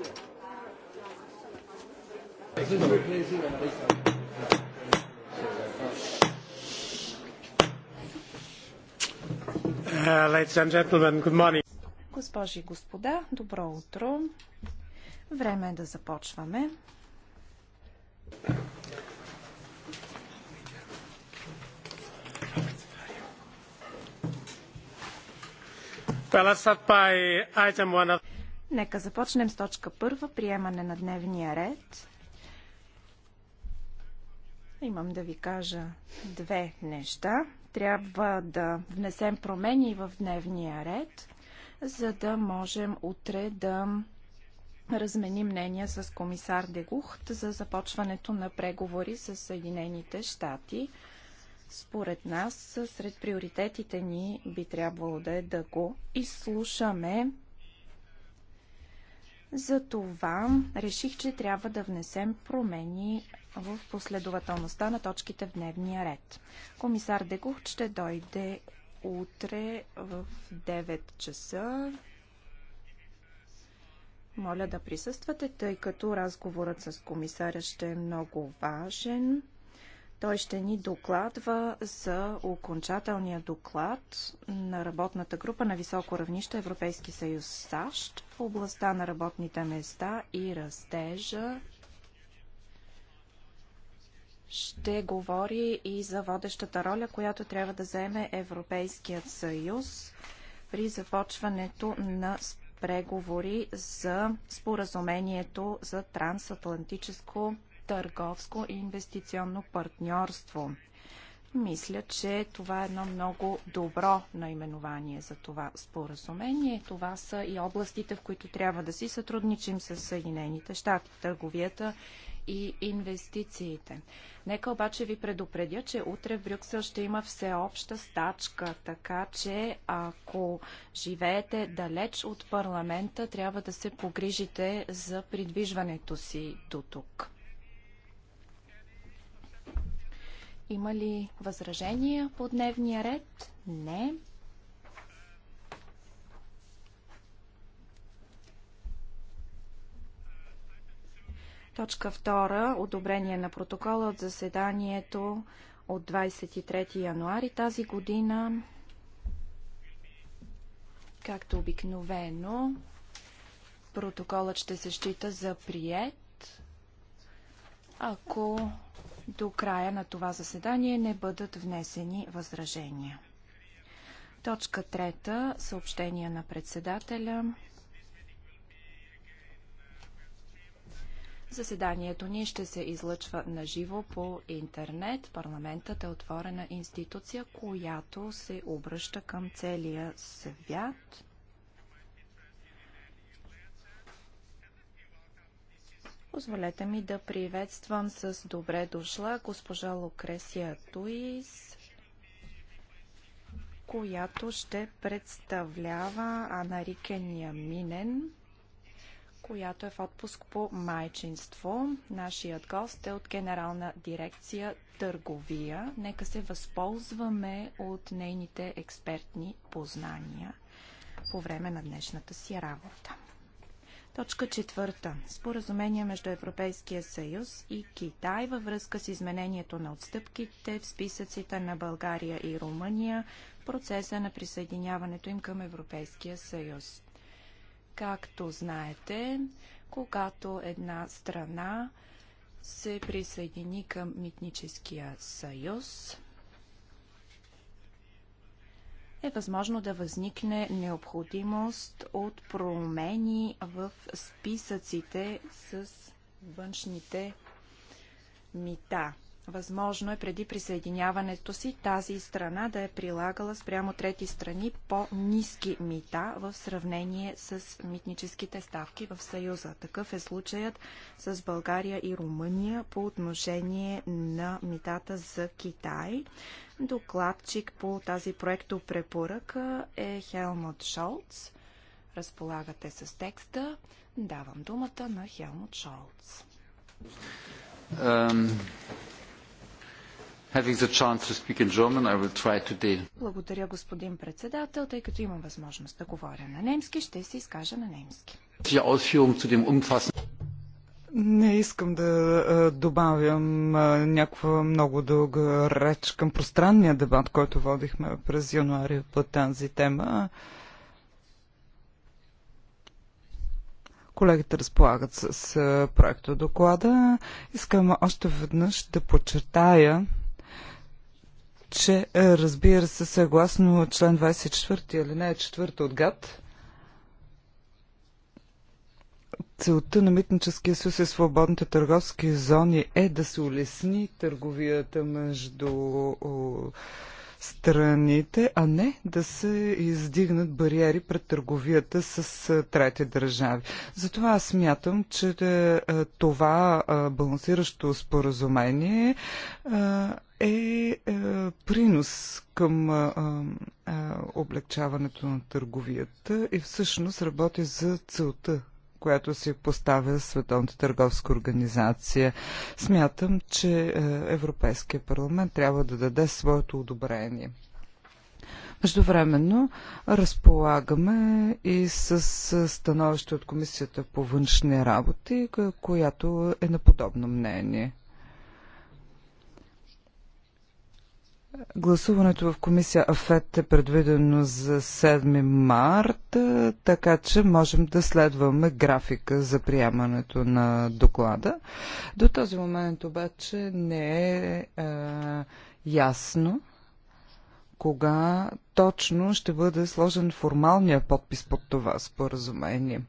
Uh, Госпожи и господа, добро утро. Време е да започваме. Well, let's start by item one of Нека започнем с точка първа, приемане на дневния ред. Имам да ви кажа две неща. Трябва да внесем промени в дневния ред, за да можем утре да размени мнение с комисар Дегухт за започването на преговори с Съединените щати. Според нас, сред приоритетите ни би трябвало да е да го изслушаме затова реших, че трябва да внесем промени в последователността на точките в дневния ред. Комисар Декух ще дойде утре в 9 часа. Моля да присъствате, тъй като разговорът с комисаря ще е много важен. Той ще ни докладва за окончателния доклад на работната група на високо равнище Европейски съюз САЩ в областта на работните места и растежа. Ще говори и за водещата роля, която трябва да заеме Европейският съюз при започването на преговори за споразумението за трансатлантическо търговско и инвестиционно партньорство. Мисля, че това е едно много добро наименование за това споразумение. Това са и областите, в които трябва да си сътрудничим с Съединените щати. Търговията и инвестициите. Нека обаче ви предупредя, че утре в Брюксел ще има всеобща стачка, така че ако живеете далеч от парламента, трябва да се погрижите за придвижването си до тук. Има ли възражения по дневния ред? Не. Точка 2. Одобрение на протокола от заседанието от 23 януари тази година. Както обикновено, протоколът ще се счита за прият, ако до края на това заседание не бъдат внесени възражения. Точка трета – съобщение на председателя. Заседанието ни ще се излъчва наживо по интернет. Парламентът е отворена институция, която се обръща към целия свят. Позволете ми да приветствам с добре дошла госпожа Лукресия Туис, която ще представлява Анарикения Минен, която е в отпуск по майчинство. Нашият гост е от Генерална дирекция Търговия. Нека се възползваме от нейните експертни познания по време на днешната си работа. Точка четвърта. Споразумение между Европейския съюз и Китай във връзка с изменението на отстъпките в списъците на България и Румъния в процеса на присъединяването им към Европейския съюз. Както знаете, когато една страна се присъедини към Митническия съюз, е възможно да възникне необходимост от промени в списъците с външните мита. Възможно е преди присъединяването си тази страна да е прилагала спрямо трети страни по-низки мита в сравнение с митническите ставки в Съюза. Такъв е случаят с България и Румъния по отношение на митата за Китай. Докладчик по тази проекто препоръка е Хелмут Шолц. Разполагате с текста. Давам думата на Хелмут Шолц. Um... Благодаря, господин председател. Тъй като имам възможност да говоря на немски, ще се изкажа на немски. Не искам да добавям някаква много дълга реч към пространния дебат, който водихме през януари по тази тема. Колегите разполагат с проекта доклада. Искам още веднъж да подчертая, че е, разбира се, съгласно член 24 или не 4 от ГАТ, целта на Митническия съюз и свободните търговски зони е да се улесни търговията между страните, а не да се издигнат бариери пред търговията с е, трети държави. Затова аз смятам, че е, това балансиращо споразумение е, е принос към облегчаването на търговията и всъщност работи за целта, която си поставя Световната търговска организация. Смятам, че е, Европейския парламент трябва да даде своето одобрение. Междувременно разполагаме и с становище от Комисията по външни работи, която е на подобно мнение. Гласуването в комисия АФЕТ е предвидено за 7 март, е, така че можем да следваме графика за приемането на доклада. До този момент обаче не е, е ясно кога точно ще бъде сложен формалния подпис под това споразумение.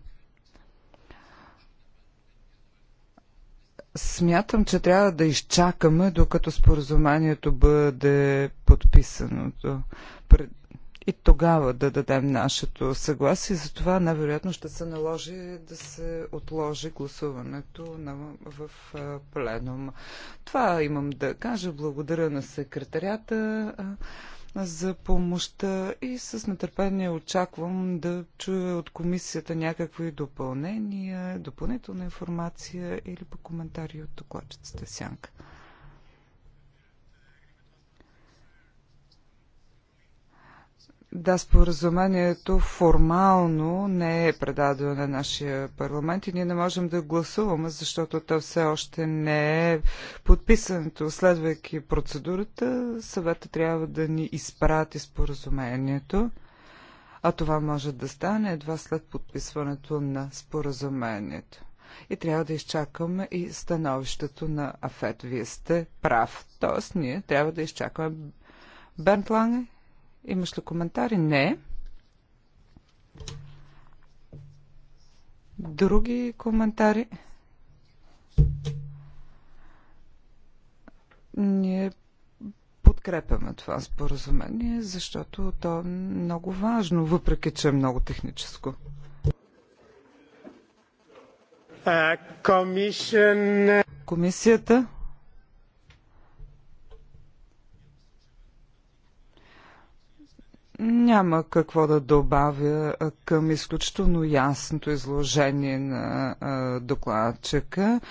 Смятам, че трябва да изчакаме, докато споразумението бъде подписано. И тогава да дадем нашето съгласие. Затова най-вероятно ще се наложи да се отложи гласуването на, в пленум. Това имам да кажа. Благодаря на секретарята за помощта и с нетърпение очаквам да чуя от комисията някакви допълнения, допълнителна информация или по коментари от докладчицата Сянка. Да, споразумението формално не е предадено на нашия парламент и ние не можем да гласуваме, защото то все още не е подписано. Следвайки процедурата, съвета трябва да ни изпрати споразумението, а това може да стане едва след подписването на споразумението. И трябва да изчакаме и становището на Афет. Вие сте прав. Тоест, ние трябва да изчакаме Бернт Ланге Имаш ли коментари? Не. Други коментари? Ние подкрепяме това споразумение, защото то е много важно, въпреки че е много техническо. Е, Комисията Няма какво да добавя към изключително ясното изложение на докладчика.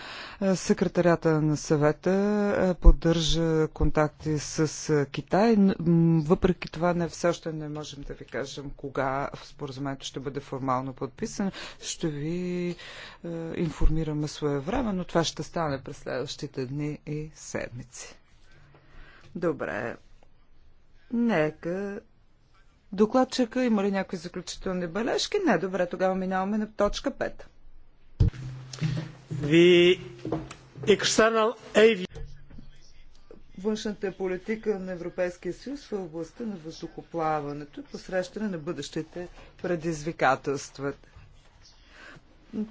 Секретарята на съвета поддържа контакти с Китай. Въпреки това не все още не можем да ви кажем кога споразумението ще бъде формално подписан. Ще ви информираме своевременно. Това ще стане през следващите дни и седмици. Добре. Нека Докладчика има ли някои заключителни бележки? Не, добре, тогава минаваме на точка 5. The external външната политика на Европейския съюз в областта на въздухоплаването и посрещане на бъдещите предизвикателствата.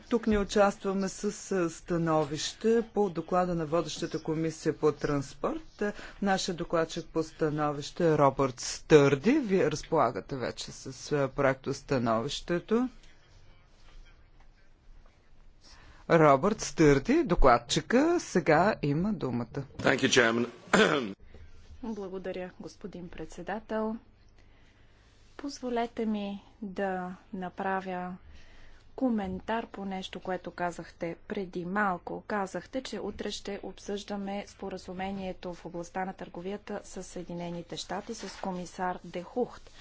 Тук не участваме с становище по доклада на водещата комисия по транспорт. Нашия докладчик по становище е Робърт Стърди. Вие разполагате вече с проекто становището. Робърт Стърди, докладчика, сега има думата. Благодаря, господин председател. Позволете ми да направя коментар по нещо, което казахте преди малко. Казахте, че утре ще обсъждаме споразумението в областта на търговията с Съединените щати с комисар Дехухт.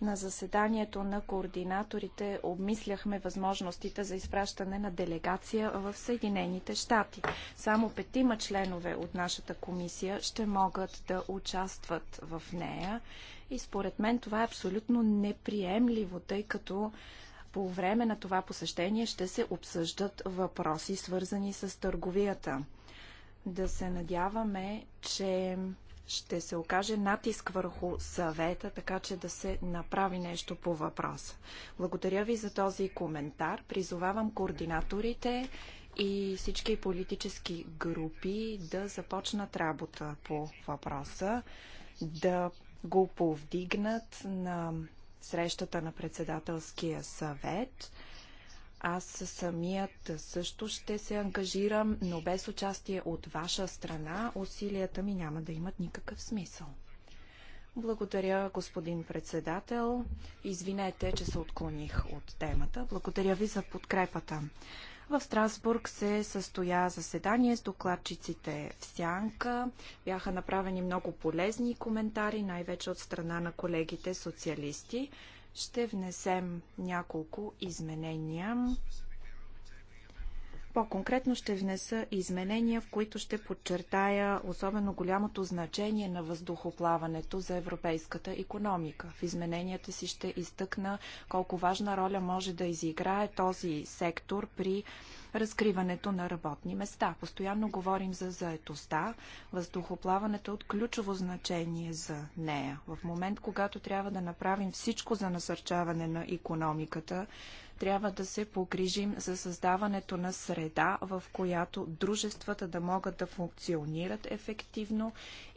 На заседанието на координаторите обмисляхме възможностите за изпращане на делегация в Съединените щати. Само петима членове от нашата комисия ще могат да участват в нея и според мен това е абсолютно неприемливо, тъй като по време на това посещение ще се обсъждат въпроси, свързани с търговията. Да се надяваме, че ще се окаже натиск върху съвета, така че да се направи нещо по въпроса. Благодаря ви за този коментар. Призовавам координаторите и всички политически групи да започнат работа по въпроса, да го повдигнат на срещата на председателския съвет. Аз самият също ще се ангажирам, но без участие от ваша страна усилията ми няма да имат никакъв смисъл. Благодаря, господин председател. Извинете, че се отклоних от темата. Благодаря ви за подкрепата. В Страсбург се състоя заседание с докладчиците в Сянка. Бяха направени много полезни коментари, най-вече от страна на колегите социалисти. Ще внесем няколко изменения по-конкретно ще внеса изменения, в които ще подчертая особено голямото значение на въздухоплаването за европейската економика. В измененията си ще изтъкна колко важна роля може да изиграе този сектор при разкриването на работни места. Постоянно говорим за заетостта. Въздухоплаването е от ключово значение за нея. В момент, когато трябва да направим всичко за насърчаване на економиката, трябва да се погрижим за създаването на среда, в която дружествата да могат да функционират ефективно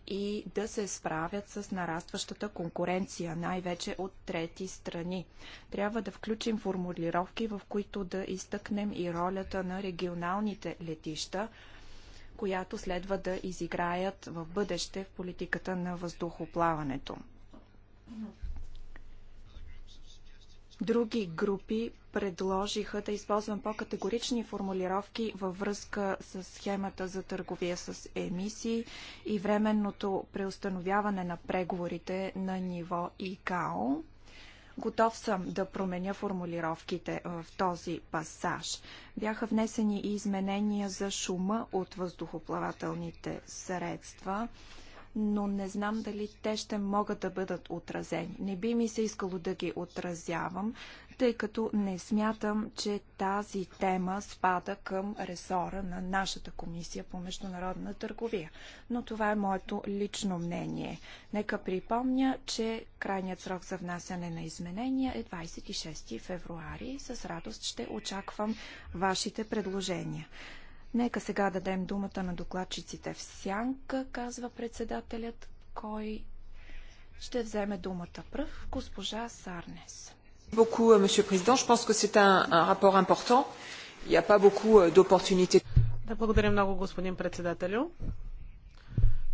и да се справят с нарастващата конкуренция, най-вече от трети страни. Трябва да включим формулировки, в които да изтъкнем и ролята на регионалните летища, която следва да изиграят в бъдеще в политиката на въздухоплаването. Други групи предложиха да използвам по-категорични формулировки във връзка с схемата за търговия с емисии и временното преустановяване на преговорите на ниво ИКАО. Готов съм да променя формулировките в този пасаж. Бяха внесени и изменения за шума от въздухоплавателните средства но не знам дали те ще могат да бъдат отразени. Не би ми се искало да ги отразявам, тъй като не смятам, че тази тема спада към ресора на нашата комисия по международна търговия. Но това е моето лично мнение. Нека припомня, че крайният срок за внасяне на изменения е 26 февруари. С радост ще очаквам вашите предложения. Нека сега дадем думата на докладчиците в сянка, казва председателят, кой ще вземе думата пръв, госпожа Сарнес. Да, благодаря много, господин председателю.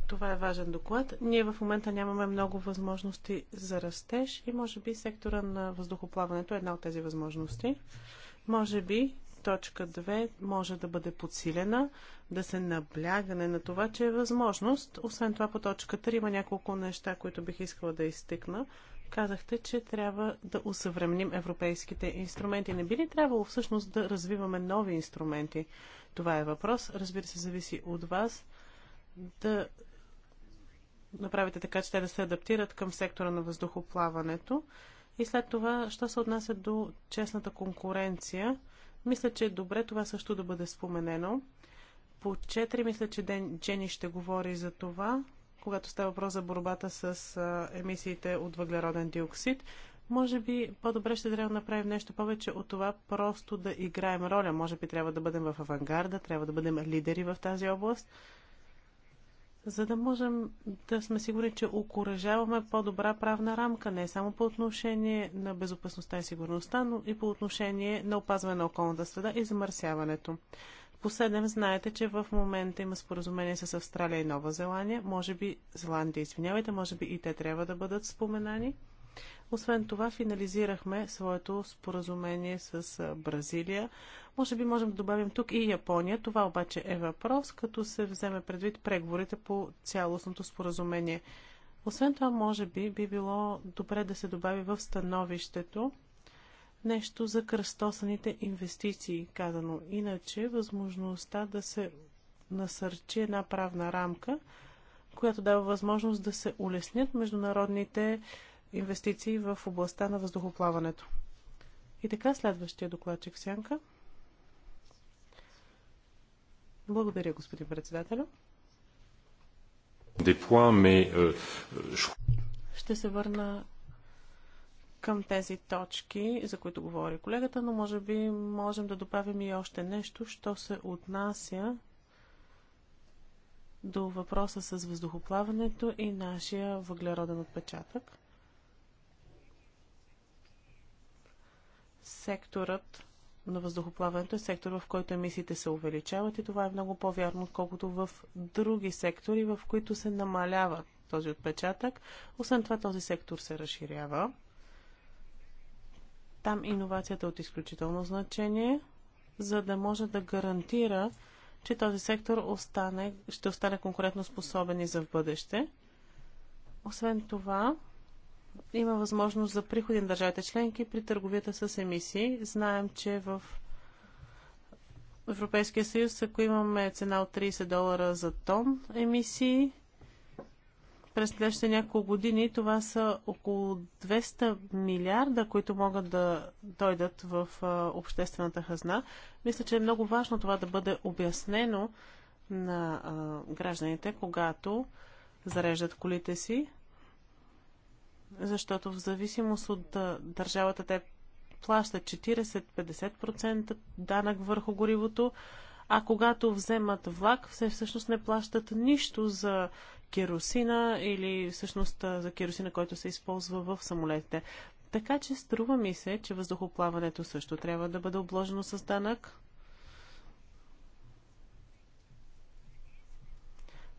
Това е важен доклад. Ние в момента нямаме много възможности за растеж и може би сектора на въздухоплаването е една от тези възможности. Може би точка 2 може да бъде подсилена, да се наблягане на това, че е възможност. Освен това по точка 3 има няколко неща, които бих искала да изтъкна. Казахте, че трябва да усъвременим европейските инструменти. Не би ли трябвало всъщност да развиваме нови инструменти? Това е въпрос. Разбира се, зависи от вас да направите така, че те да се адаптират към сектора на въздухоплаването. И след това, що се отнася до честната конкуренция, мисля, че е добре това също да бъде споменено. По 4 мисля, че Джени ще говори за това когато става въпрос за борбата с емисиите от въглероден диоксид. Може би по-добре ще трябва да направим нещо повече от това просто да играем роля. Може би трябва да бъдем в авангарда, трябва да бъдем лидери в тази област, за да можем да сме сигурни, че окоръжаваме по-добра правна рамка, не само по отношение на безопасността и сигурността, но и по отношение на опазване на околната среда и замърсяването. По 7 знаете, че в момента има споразумение с Австралия и Нова Зеландия. Може би, Зеландия, извинявайте, може би и те трябва да бъдат споменани. Освен това, финализирахме своето споразумение с Бразилия. Може би можем да добавим тук и Япония. Това обаче е въпрос, като се вземе предвид преговорите по цялостното споразумение. Освен това, може би би било добре да се добави в становището нещо за кръстосаните инвестиции, казано иначе, възможността да се насърчи една правна рамка, която дава възможност да се улеснят международните инвестиции в областта на въздухоплаването. И така, следващия докладчик Сянка. Благодаря, господин председателя. Euh, Ще се върна към тези точки, за които говори колегата, но може би можем да добавим и още нещо, що се отнася до въпроса с въздухоплаването и нашия въглероден отпечатък. Секторът на въздухоплаването е сектор, в който емисиите се увеличават и това е много по-вярно, отколкото в други сектори, в които се намалява този отпечатък. Освен това, този сектор се разширява. Там иновацията е от изключително значение, за да може да гарантира, че този сектор остане, ще остане конкурентно способен и за в бъдеще. Освен това, има възможност за приходи на държавите членки при търговията с емисии. Знаем, че в Европейския съюз, ако имаме цена от 30 долара за тон емисии, през следващите няколко години това са около 200 милиарда, които могат да дойдат в обществената хазна. Мисля, че е много важно това да бъде обяснено на гражданите, когато зареждат колите си, защото в зависимост от държавата те плащат 40-50% данък върху горивото, а когато вземат влак, все всъщност не плащат нищо за керосина или всъщност за керосина, който се използва в самолетите. Така че струва ми се, че въздухоплаването също трябва да бъде обложено с данък.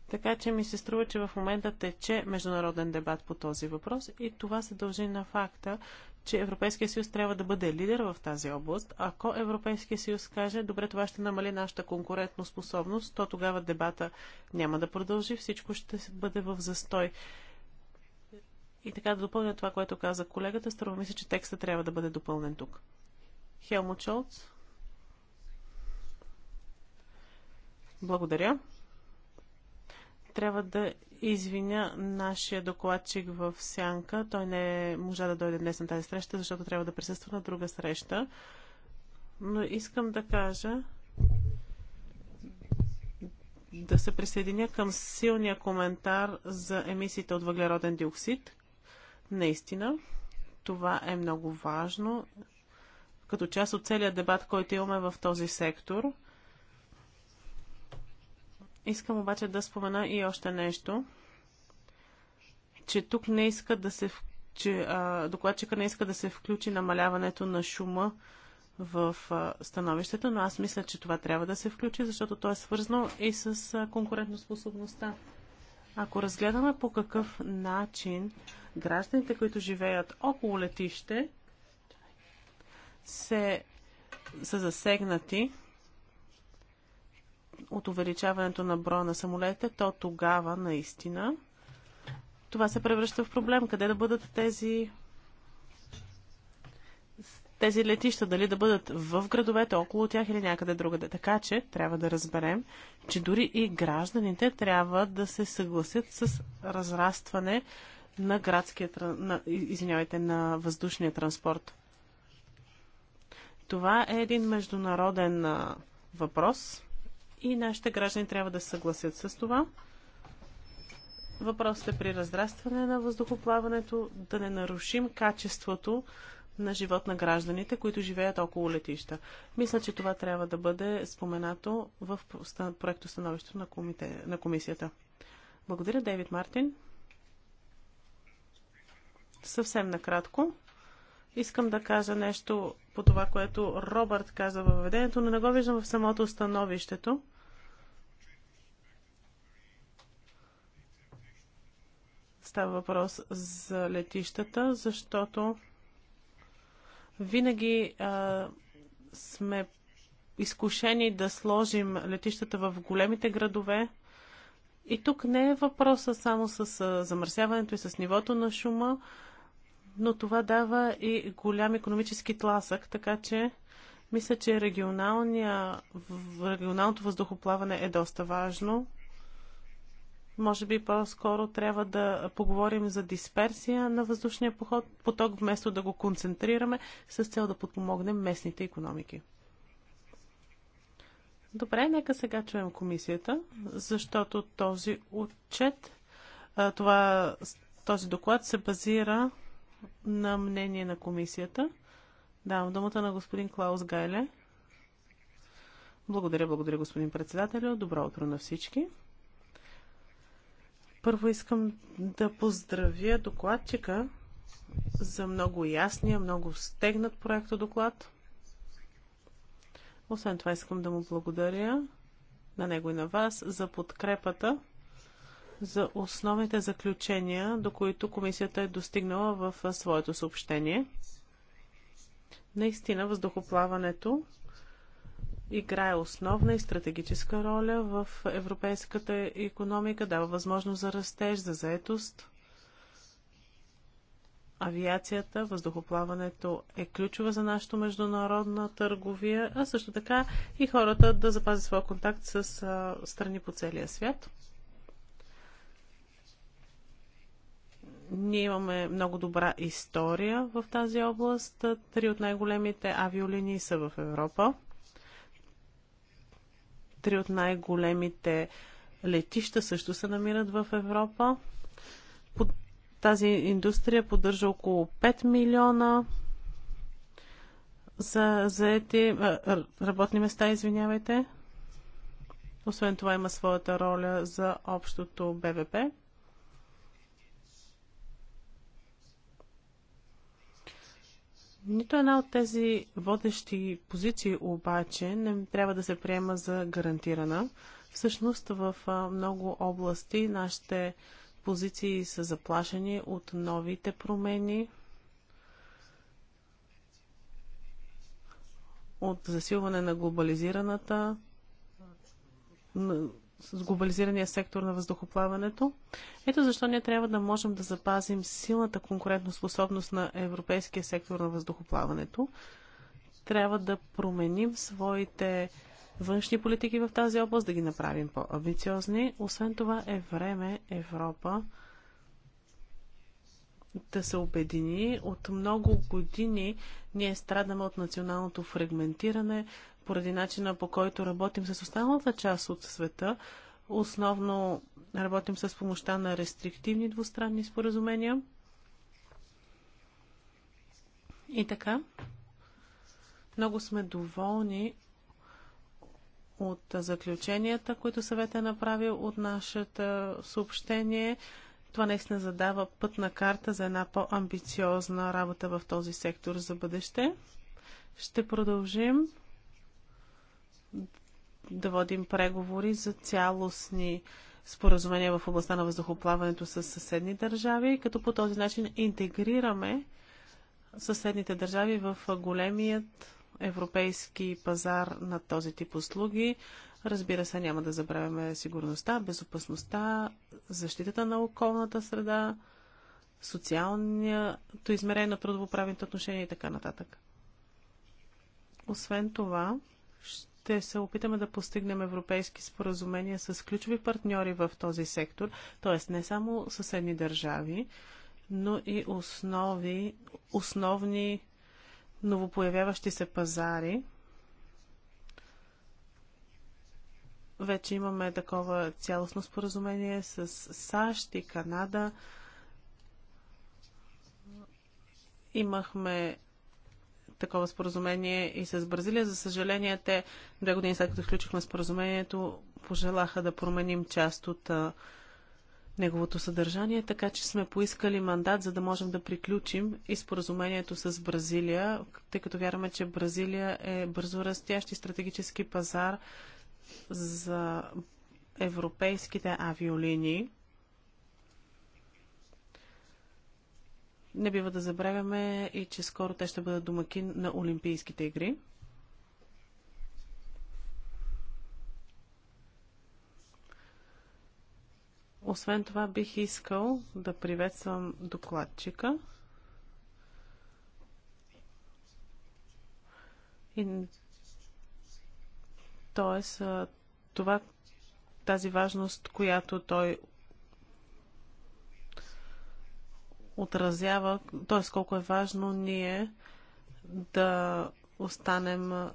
Така че ми се струва, че в момента тече международен дебат по този въпрос и това се дължи на факта, че Европейския съюз трябва да бъде лидер в тази област. Ако Европейския съюз каже, добре, това ще намали нашата конкурентно способност, то тогава дебата няма да продължи, всичко ще бъде в застой. И така да допълня това, което каза колегата, струва ми се, че текста трябва да бъде допълнен тук. Хелмут Шолц. Благодаря трябва да извиня нашия докладчик в Сянка. Той не можа да дойде днес на тази среща, защото трябва да присъства на друга среща. Но искам да кажа да се присъединя към силния коментар за емисиите от въглероден диоксид. Наистина, това е много важно като част от целият дебат, който имаме в този сектор – Искам обаче да спомена и още нещо, че тук не иска да се, че, а, докладчика не иска да се включи намаляването на шума в а, становището, но аз мисля, че това трябва да се включи, защото то е свързано и с а, конкурентоспособността. Ако разгледаме по какъв начин гражданите, които живеят около летище, се, са засегнати, от увеличаването на броя на самолетите, то тогава наистина това се превръща в проблем. Къде да бъдат тези тези летища, дали да бъдат в градовете, около тях или някъде другаде. Така че трябва да разберем, че дори и гражданите трябва да се съгласят с разрастване на градския, на, извинявайте, на въздушния транспорт. Това е един международен въпрос и нашите граждани трябва да се съгласят с това. Въпросът е при разрастване на въздухоплаването да не нарушим качеството на живот на гражданите, които живеят около летища. Мисля, че това трябва да бъде споменато в проекто на, комите... на комисията. Благодаря, Дейвид Мартин. Съвсем накратко. Искам да кажа нещо по това, което Робърт каза във введението, но не го виждам в самото становището. Става въпрос за летищата, защото винаги а, сме изкушени да сложим летищата в големите градове. И тук не е въпроса само с замърсяването и с нивото на шума, но това дава и голям економически тласък, така че мисля, че регионалното въздухоплаване е доста важно. Може би по-скоро трябва да поговорим за дисперсия на въздушния поход, поток, вместо да го концентрираме с цел да подпомогнем местните економики. Добре, нека сега чуем комисията, защото този отчет, това, този доклад се базира на мнение на комисията. Давам думата на господин Клаус Гайле. Благодаря, благодаря, господин председател. Добро утро на всички. Първо искам да поздравя докладчика за много ясния, много стегнат проекто доклад. Освен това искам да му благодаря на него и на вас за подкрепата за основните заключения, до които комисията е достигнала в своето съобщение. Наистина, въздухоплаването играе основна и стратегическа роля в европейската економика, дава възможност за растеж, за заетост. Авиацията, въздухоплаването е ключова за нашата международна търговия, а също така и хората да запазят своя контакт с страни по целия свят. Ние имаме много добра история в тази област. Три от най-големите авиолинии са в Европа. Три от най-големите летища също се намират в Европа. тази индустрия поддържа около 5 милиона за заети работни места, извинявайте. Освен това има своята роля за общото БВП. Нито една от тези водещи позиции обаче не трябва да се приема за гарантирана. Всъщност в много области нашите позиции са заплашени от новите промени, от засилване на глобализираната с глобализирания сектор на въздухоплаването. Ето защо ние трябва да можем да запазим силната конкурентоспособност на европейския сектор на въздухоплаването. Трябва да променим своите външни политики в тази област, да ги направим по-амбициозни. Освен това е време Европа да се обедини. От много години ние страдаме от националното фрагментиране, поради начина по който работим с останалата част от света. Основно работим с помощта на рестриктивни двустранни споразумения. И така, много сме доволни от заключенията, които съвет е направил от нашето съобщение. Това наистина задава пътна карта за една по-амбициозна работа в този сектор за бъдеще. Ще продължим да водим преговори за цялостни споразумения в областта на въздухоплаването с съседни държави, като по този начин интегрираме съседните държави в големият европейски пазар на този тип услуги. Разбира се, няма да забравяме сигурността, безопасността, защитата на околната среда, социалното измерение на трудовоправните отношения и така нататък. Освен това, ще ще се опитаме да постигнем европейски споразумения с ключови партньори в този сектор, т.е. не само съседни държави, но и основи, основни новопоявяващи се пазари. Вече имаме такова цялостно споразумение с САЩ и Канада. Имахме такова споразумение и с Бразилия. За съжаление, те две години след като включихме споразумението, пожелаха да променим част от а, неговото съдържание, така че сме поискали мандат, за да можем да приключим и споразумението с Бразилия, тъй като вярваме, че Бразилия е бързо растящ и стратегически пазар за европейските авиолинии. Не бива да забравяме и че скоро те ще бъдат домакин на Олимпийските игри. Освен това бих искал да приветствам докладчика и Тоест, това тази важност, която той отразява, т.е. колко е важно ние да останем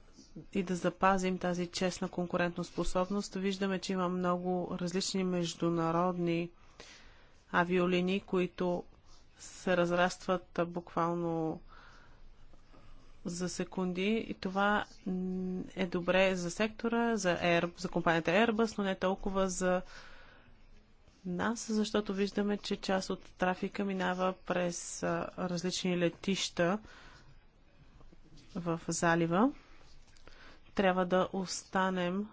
и да запазим тази честна конкурентоспособност. Виждаме, че има много различни международни авиолинии, които се разрастват буквално за секунди и това е добре за сектора, за, Air, за компанията Airbus, но не толкова за нас, защото виждаме, че част от трафика минава през различни летища в залива. Трябва да останем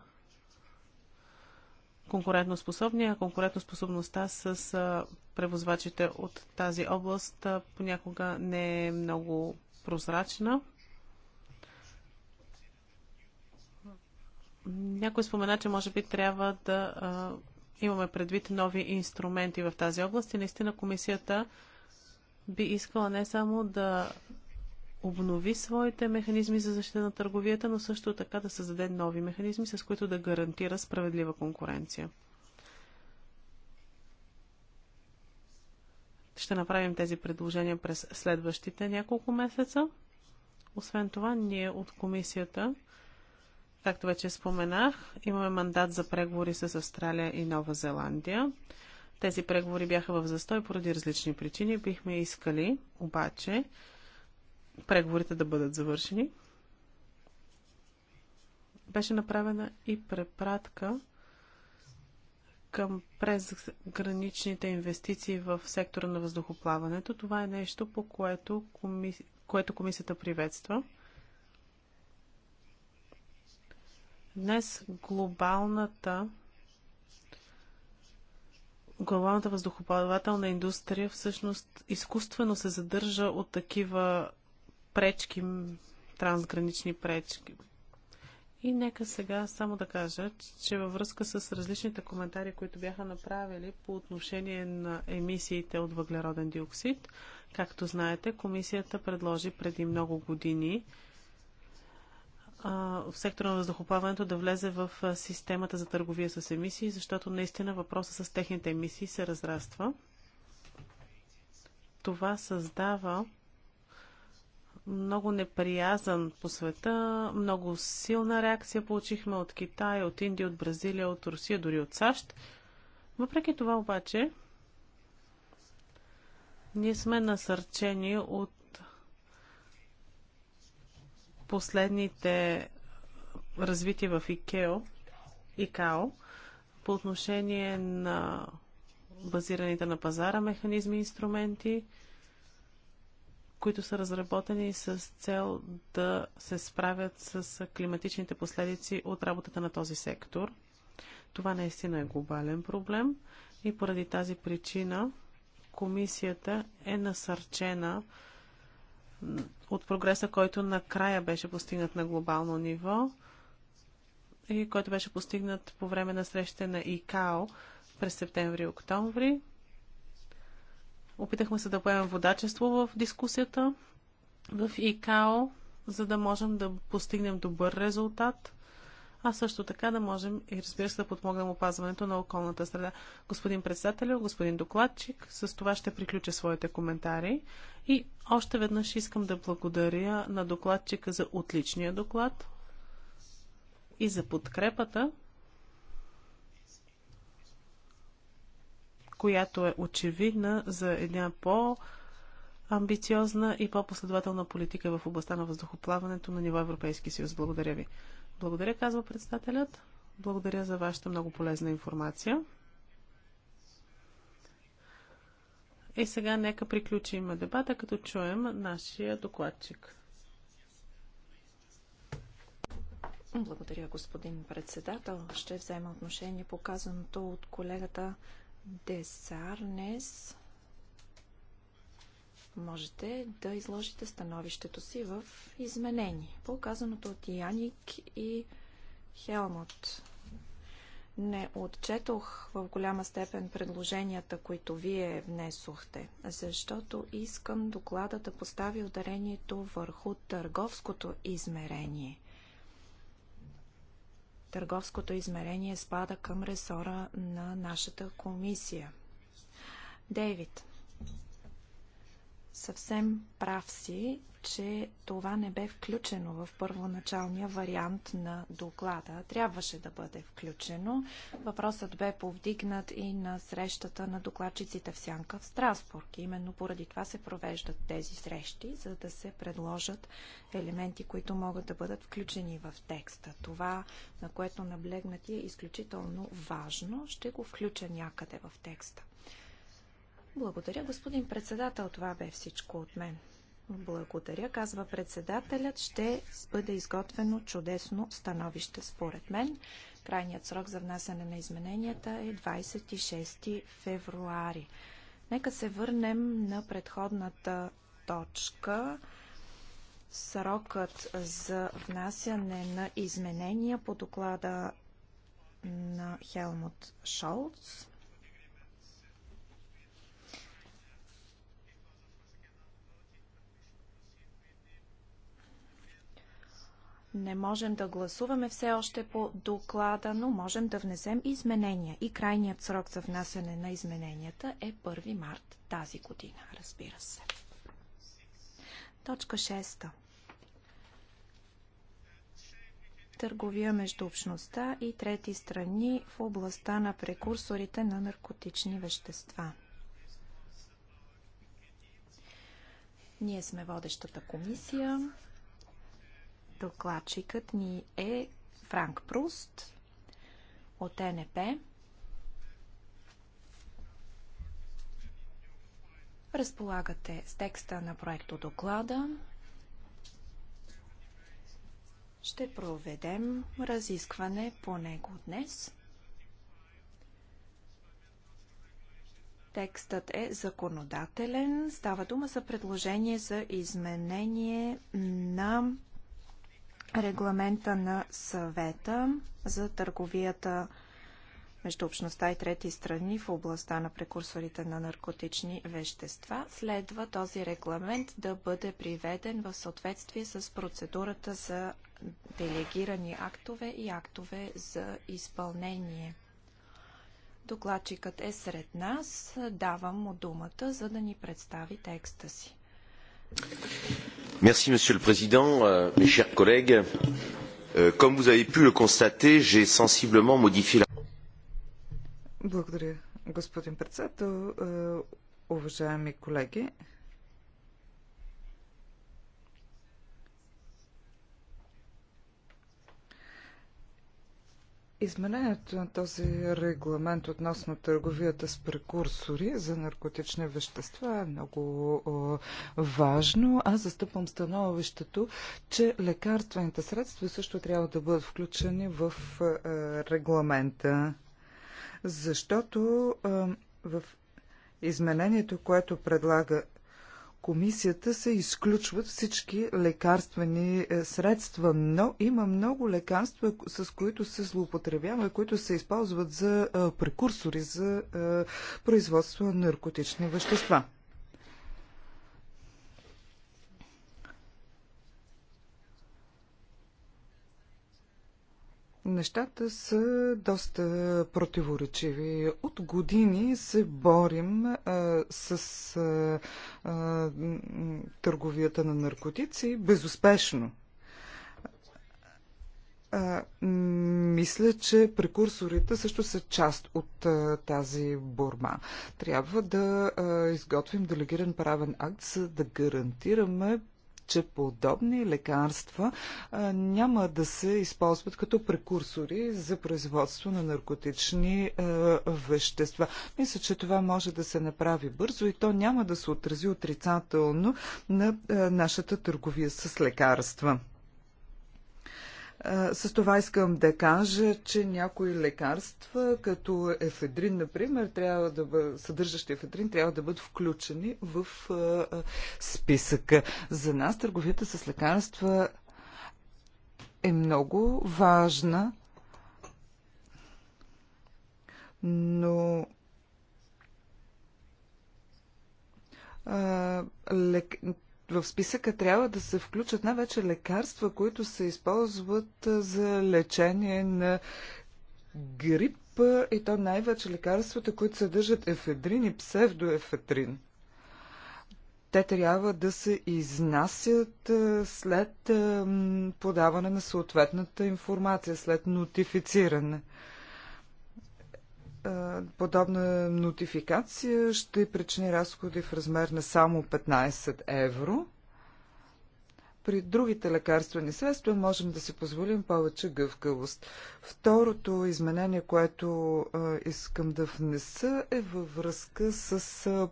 конкурентоспособни, а конкурентоспособността с превозвачите от тази област понякога не е много прозрачна. Някой спомена, че може би трябва да имаме предвид нови инструменти в тази област и наистина комисията би искала не само да обнови своите механизми за защита на търговията, но също така да създаде нови механизми, с които да гарантира справедлива конкуренция. Ще направим тези предложения през следващите няколко месеца. Освен това, ние от комисията Както вече споменах, имаме мандат за преговори с Австралия и Нова Зеландия. Тези преговори бяха в застой поради различни причини. Бихме искали обаче преговорите да бъдат завършени. Беше направена и препратка към презграничните инвестиции в сектора на въздухоплаването. Това е нещо, по което, коми... което комисията приветства. Днес глобалната глобалната въздухоплавателна индустрия всъщност изкуствено се задържа от такива пречки, трансгранични пречки. И нека сега само да кажа, че във връзка с различните коментари, които бяха направили по отношение на емисиите от въглероден диоксид, както знаете, комисията предложи преди много години в сектора на въздухоплаването да влезе в системата за търговия с емисии, защото наистина въпроса с техните емисии се разраства. Това създава много неприязан по света, много силна реакция получихме от Китай, от Индия, от Бразилия, от Русия, дори от САЩ. Въпреки това обаче, ние сме насърчени от последните развитие в ИКЕО, ИКАО по отношение на базираните на пазара механизми и инструменти, които са разработени с цел да се справят с климатичните последици от работата на този сектор. Това наистина е глобален проблем и поради тази причина комисията е насърчена от прогреса, който накрая беше постигнат на глобално ниво и който беше постигнат по време на срещите на ИКАО през септември и октомври. Опитахме се да поемем водачество в дискусията в ИКАО, за да можем да постигнем добър резултат – а също така да можем и разбира се да подмогнем опазването на околната среда. Господин председател, господин докладчик, с това ще приключа своите коментари и още веднъж искам да благодаря на докладчика за отличния доклад и за подкрепата, която е очевидна за една по- амбициозна и по-последователна политика в областта на въздухоплаването на ниво Европейски съюз. Благодаря ви. Благодаря, казва председателят. Благодаря за вашата много полезна информация. И сега нека приключим дебата, като чуем нашия докладчик. Благодаря, господин председател. Ще взема отношение по казаното от колегата Десарнес можете да изложите становището си в изменение по казаното от Яник и Хелмут. Не отчетох в голяма степен предложенията, които вие внесохте, защото искам доклада да постави ударението върху търговското измерение. Търговското измерение спада към ресора на нашата комисия. Дейвид, Съвсем прав си, че това не бе включено в първоначалния вариант на доклада. Трябваше да бъде включено. Въпросът бе повдигнат и на срещата на докладчиците в Сянка в Страсбург. Именно поради това се провеждат тези срещи, за да се предложат елементи, които могат да бъдат включени в текста. Това, на което наблегнати е изключително важно, ще го включа някъде в текста. Благодаря, господин председател. Това бе всичко от мен. Благодаря, казва председателят. Ще бъде изготвено чудесно становище, според мен. Крайният срок за внасяне на измененията е 26 февруари. Нека се върнем на предходната точка. Срокът за внасяне на изменения по доклада на Хелмут Шолц Не можем да гласуваме все още по доклада, но можем да внесем изменения. И крайният срок за внасяне на измененията е 1 март тази година, разбира се. Точка 6. Търговия между общността и трети страни в областта на прекурсорите на наркотични вещества. Ние сме водещата комисия. Докладчикът ни е Франк Пруст от НП. Разполагате с текста на проекто доклада. Ще проведем разискване по него днес. Текстът е законодателен. Става дума за предложение за изменение на регламента на съвета за търговията между общността и трети страни в областта на прекурсорите на наркотични вещества, следва този регламент да бъде приведен в съответствие с процедурата за делегирани актове и актове за изпълнение. Докладчикът е сред нас. Давам му думата, за да ни представи текста си monsieur le président mes chers collègues comme vous avez pu le constater j'ai sensiblement modifié la. Благодаря, господин председател. Уважаеми колеги, Изменението на този регламент относно търговията с прекурсори за наркотични вещества е много важно. Аз застъпвам становището, че лекарствените средства също трябва да бъдат включени в регламента, защото в изменението, което предлага комисията се изключват всички лекарствени е, средства, но има много лекарства, с които се злоупотребява и които се използват за е, прекурсори за е, производство на наркотични вещества. Нещата са доста противоречиви. От години се борим а, с а, а, търговията на наркотици безуспешно. А, мисля, че прекурсорите също са част от а, тази борба. Трябва да а, изготвим делегиран правен акт, за да гарантираме че подобни лекарства а, няма да се използват като прекурсори за производство на наркотични а, вещества. Мисля, че това може да се направи бързо и то няма да се отрази отрицателно на а, нашата търговия с лекарства. С това искам да кажа, че някои лекарства, като ефедрин, например, трябва да бъ... съдържащи ефедрин, трябва да бъдат включени в списъка. За нас търговията с лекарства е много важна, но лек в списъка трябва да се включат най-вече лекарства, които се използват за лечение на грип и то най-вече лекарствата, които съдържат ефедрин и псевдоефедрин. Те трябва да се изнасят след подаване на съответната информация, след нотифициране подобна нотификация ще причини разходи в размер на само 15 евро. При другите лекарствени средства можем да си позволим повече гъвкавост. Второто изменение, което искам да внеса, е във връзка с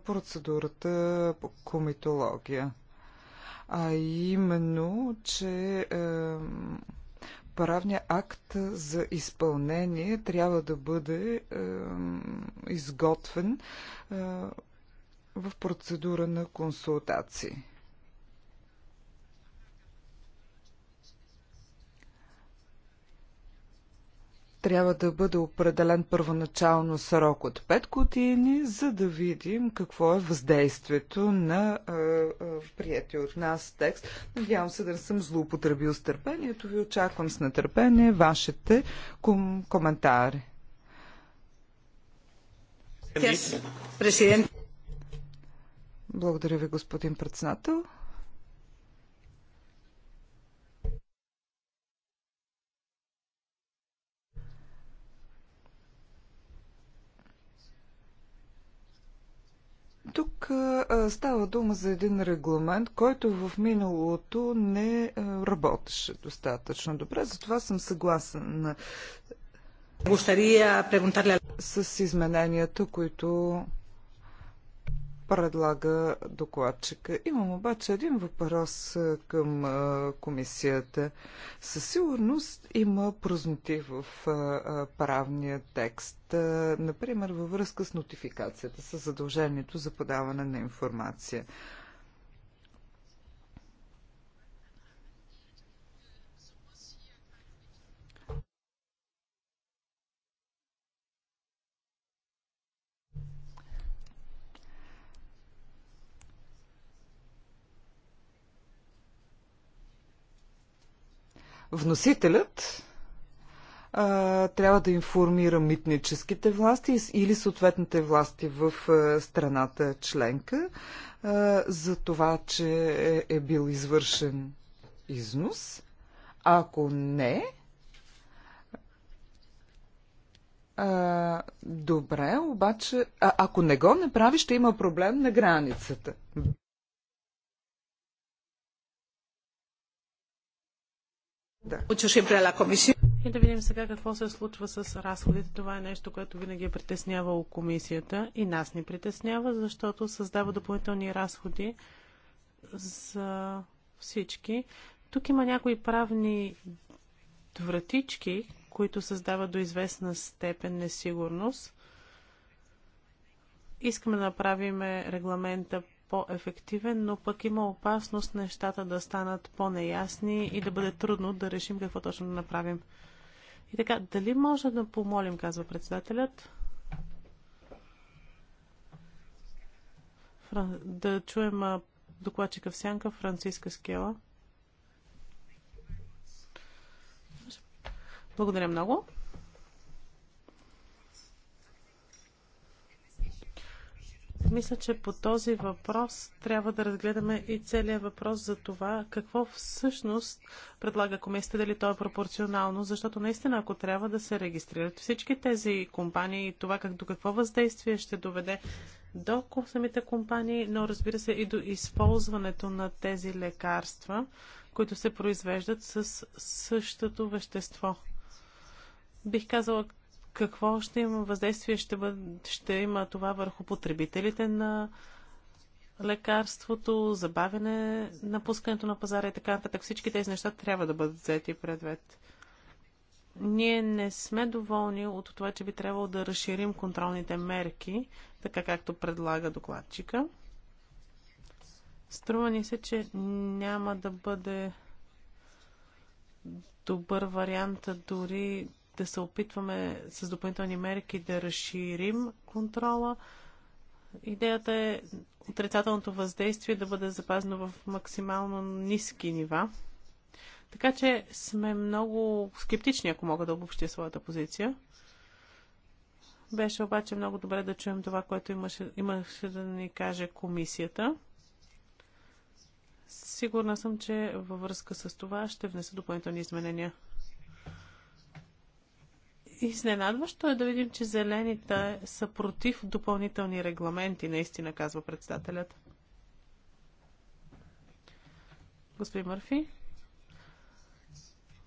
процедурата по комитология. А именно, че правният акт за изпълнение трябва да бъде е, изготвен е, в процедура на консултации. трябва да бъде определен първоначално срок от 5 години, за да видим какво е въздействието на е, е, приятия от нас текст. Надявам се да не съм злоупотребил с търпението ви. Очаквам с нетърпение вашите ком- коментари. Yes, Благодаря ви, господин председател. Тук става дума за един регламент, който в миналото не работеше достатъчно добре, затова съм съгласен с измененията, които предлага докладчика. Имам обаче един въпрос към комисията. Със сигурност има празноти в правния текст, например във връзка с нотификацията, с задължението за подаване на информация. Вносителят а, трябва да информира митническите власти или съответните власти в страната членка а, за това, че е, е бил извършен износ. ако не, а, добре, обаче, а, ако не го направи, ще има проблем на границата. Да. И да видим сега какво се случва с разходите. Това е нещо, което винаги е притеснявало комисията и нас ни притеснява, защото създава допълнителни разходи за всички. Тук има някои правни вратички, които създават до известна степен несигурност. Искаме да направим регламента по-ефективен, но пък има опасност нещата да станат по-неясни и да бъде трудно да решим какво точно да направим. И така, дали може да помолим, казва председателят, да чуем докладчика в сянка Франциска Скела. Благодаря много. Мисля, че по този въпрос трябва да разгледаме и целият въпрос за това какво всъщност предлага комисията, дали то е пропорционално, защото наистина ако трябва да се регистрират всички тези компании и това как, до какво въздействие ще доведе до самите компании, но разбира се и до използването на тези лекарства, които се произвеждат с същото вещество. Бих казала какво ще има въздействие, ще, бъд, ще има това върху потребителите на лекарството, забавяне на пускането на пазара и така нататък. Всички тези неща трябва да бъдат взети предвид. Ние не сме доволни от това, че би трябвало да разширим контролните мерки, така както предлага докладчика. Струва ни се, че няма да бъде добър вариант дори да се опитваме с допълнителни мерки да разширим контрола. Идеята е отрицателното въздействие да бъде запазено в максимално ниски нива. Така че сме много скептични, ако мога да обобщя своята позиция. Беше обаче много добре да чуем това, което имаше, имаше да ни каже комисията. Сигурна съм, че във връзка с това ще внеса допълнителни изменения. Изненадващо е да видим, че зелените са против допълнителни регламенти, наистина казва председателят. Господин Мърфи,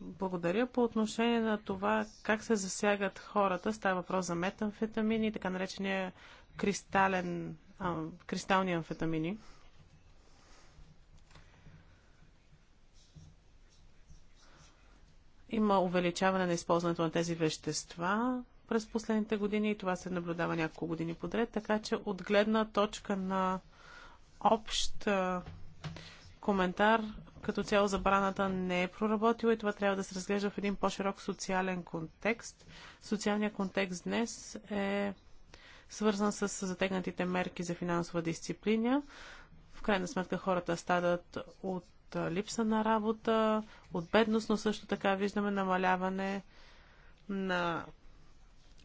благодаря по отношение на това как се засягат хората. Става въпрос за метамфетамини, така наречения кристален, а, кристални амфетамини. Има увеличаване на използването на тези вещества през последните години и това се наблюдава няколко години подред, така че от гледна точка на общ коментар, като цяло забраната не е проработила и това трябва да се разглежда в един по-широк социален контекст. Социалният контекст днес е свързан с затегнатите мерки за финансова дисциплина. В крайна сметка хората стадат от от липса на работа, от бедност, но също така виждаме намаляване на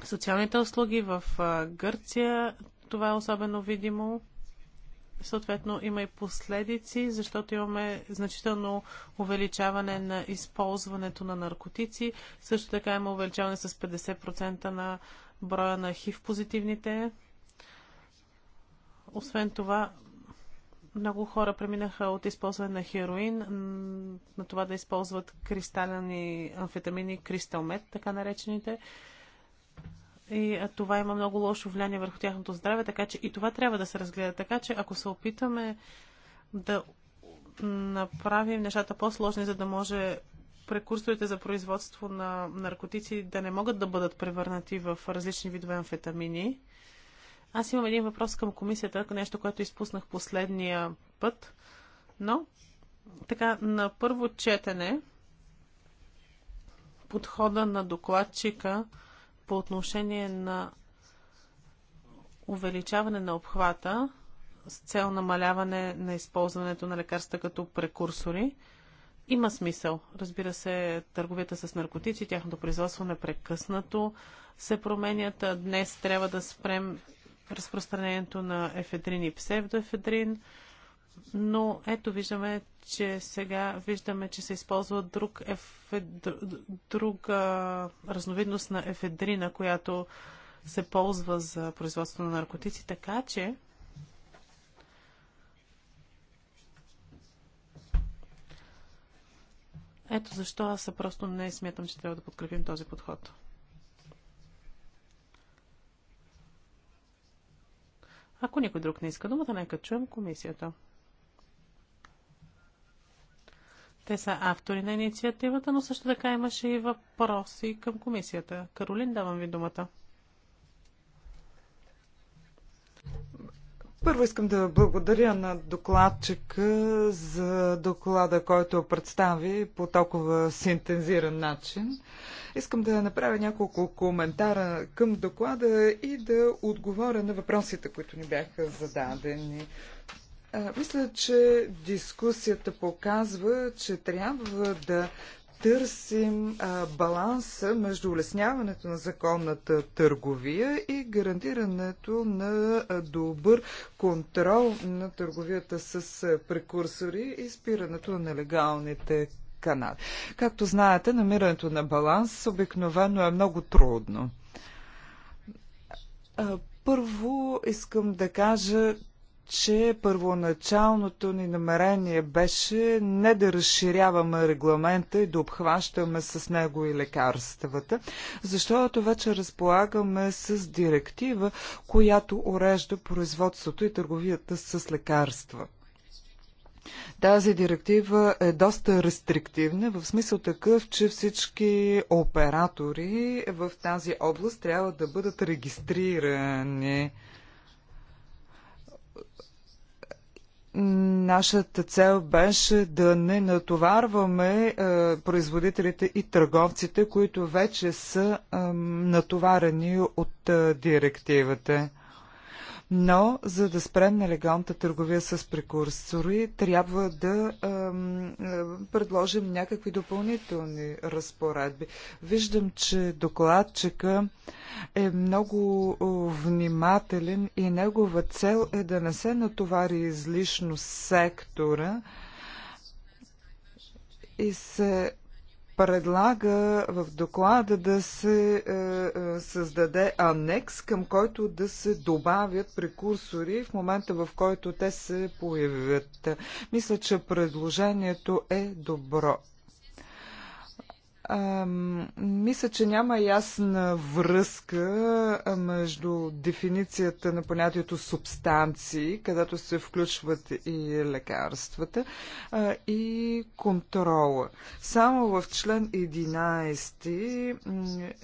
социалните услуги в Гърция. Това е особено видимо. Съответно, има и последици, защото имаме значително увеличаване на използването на наркотици. Също така има увеличаване с 50% на броя на хив позитивните. Освен това, много хора преминаха от използване на хероин на това да използват кристалени амфетамини, кристалмет, така наречените. И това има много лошо влияние върху тяхното здраве, така че и това трябва да се разгледа. Така че ако се опитаме да направим нещата по-сложни, за да може прекурсорите за производство на наркотици да не могат да бъдат превърнати в различни видове амфетамини, аз имам един въпрос към комисията, нещо, което изпуснах последния път, но така, на първо четене подхода на докладчика по отношение на увеличаване на обхвата с цел намаляване на използването на лекарства като прекурсори. Има смисъл. Разбира се, търговията с наркотици, тяхното производство непрекъснато се променят. Днес трябва да спрем разпространението на ефедрин и псевдоефедрин. Но ето виждаме, че сега виждаме, че се използва друг ефедр... друга разновидност на ефедрина, която се ползва за производство на наркотици, така че Ето защо аз просто не смятам, че трябва да подкрепим този подход. Ако никой друг не иска думата, нека чуем комисията. Те са автори на инициативата, но също така имаше и въпроси към комисията. Каролин, давам ви думата. Първо искам да благодаря на докладчика за доклада, който представи по толкова синтезиран начин. Искам да направя няколко коментара към доклада и да отговоря на въпросите, които ни бяха зададени. Мисля, че дискусията показва, че трябва да търсим а, баланса между улесняването на законната търговия и гарантирането на а, добър контрол на търговията с а, прекурсори и спирането на нелегалните канали. Както знаете, намирането на баланс обикновено е много трудно. Първо искам да кажа, че първоначалното ни намерение беше не да разширяваме регламента и да обхващаме с него и лекарствата, защото вече разполагаме с директива, която урежда производството и търговията с лекарства. Тази директива е доста рестриктивна, в смисъл такъв, че всички оператори в тази област трябва да бъдат регистрирани. Нашата цел беше да не натоварваме е, производителите и търговците, които вече са натоварени от е, директивата. Но за да спрем нелегалната търговия с прекурсори, трябва да предложим някакви допълнителни разпоредби. Виждам, че докладчика е много внимателен и негова цел е да не се натовари излишно сектора и се предлага в доклада да се е, е, създаде анекс, към който да се добавят прекурсори в момента, в който те се появят. Мисля, че предложението е добро. А, мисля, че няма ясна връзка между дефиницията на понятието субстанции, където се включват и лекарствата, а, и контрола. Само в член 11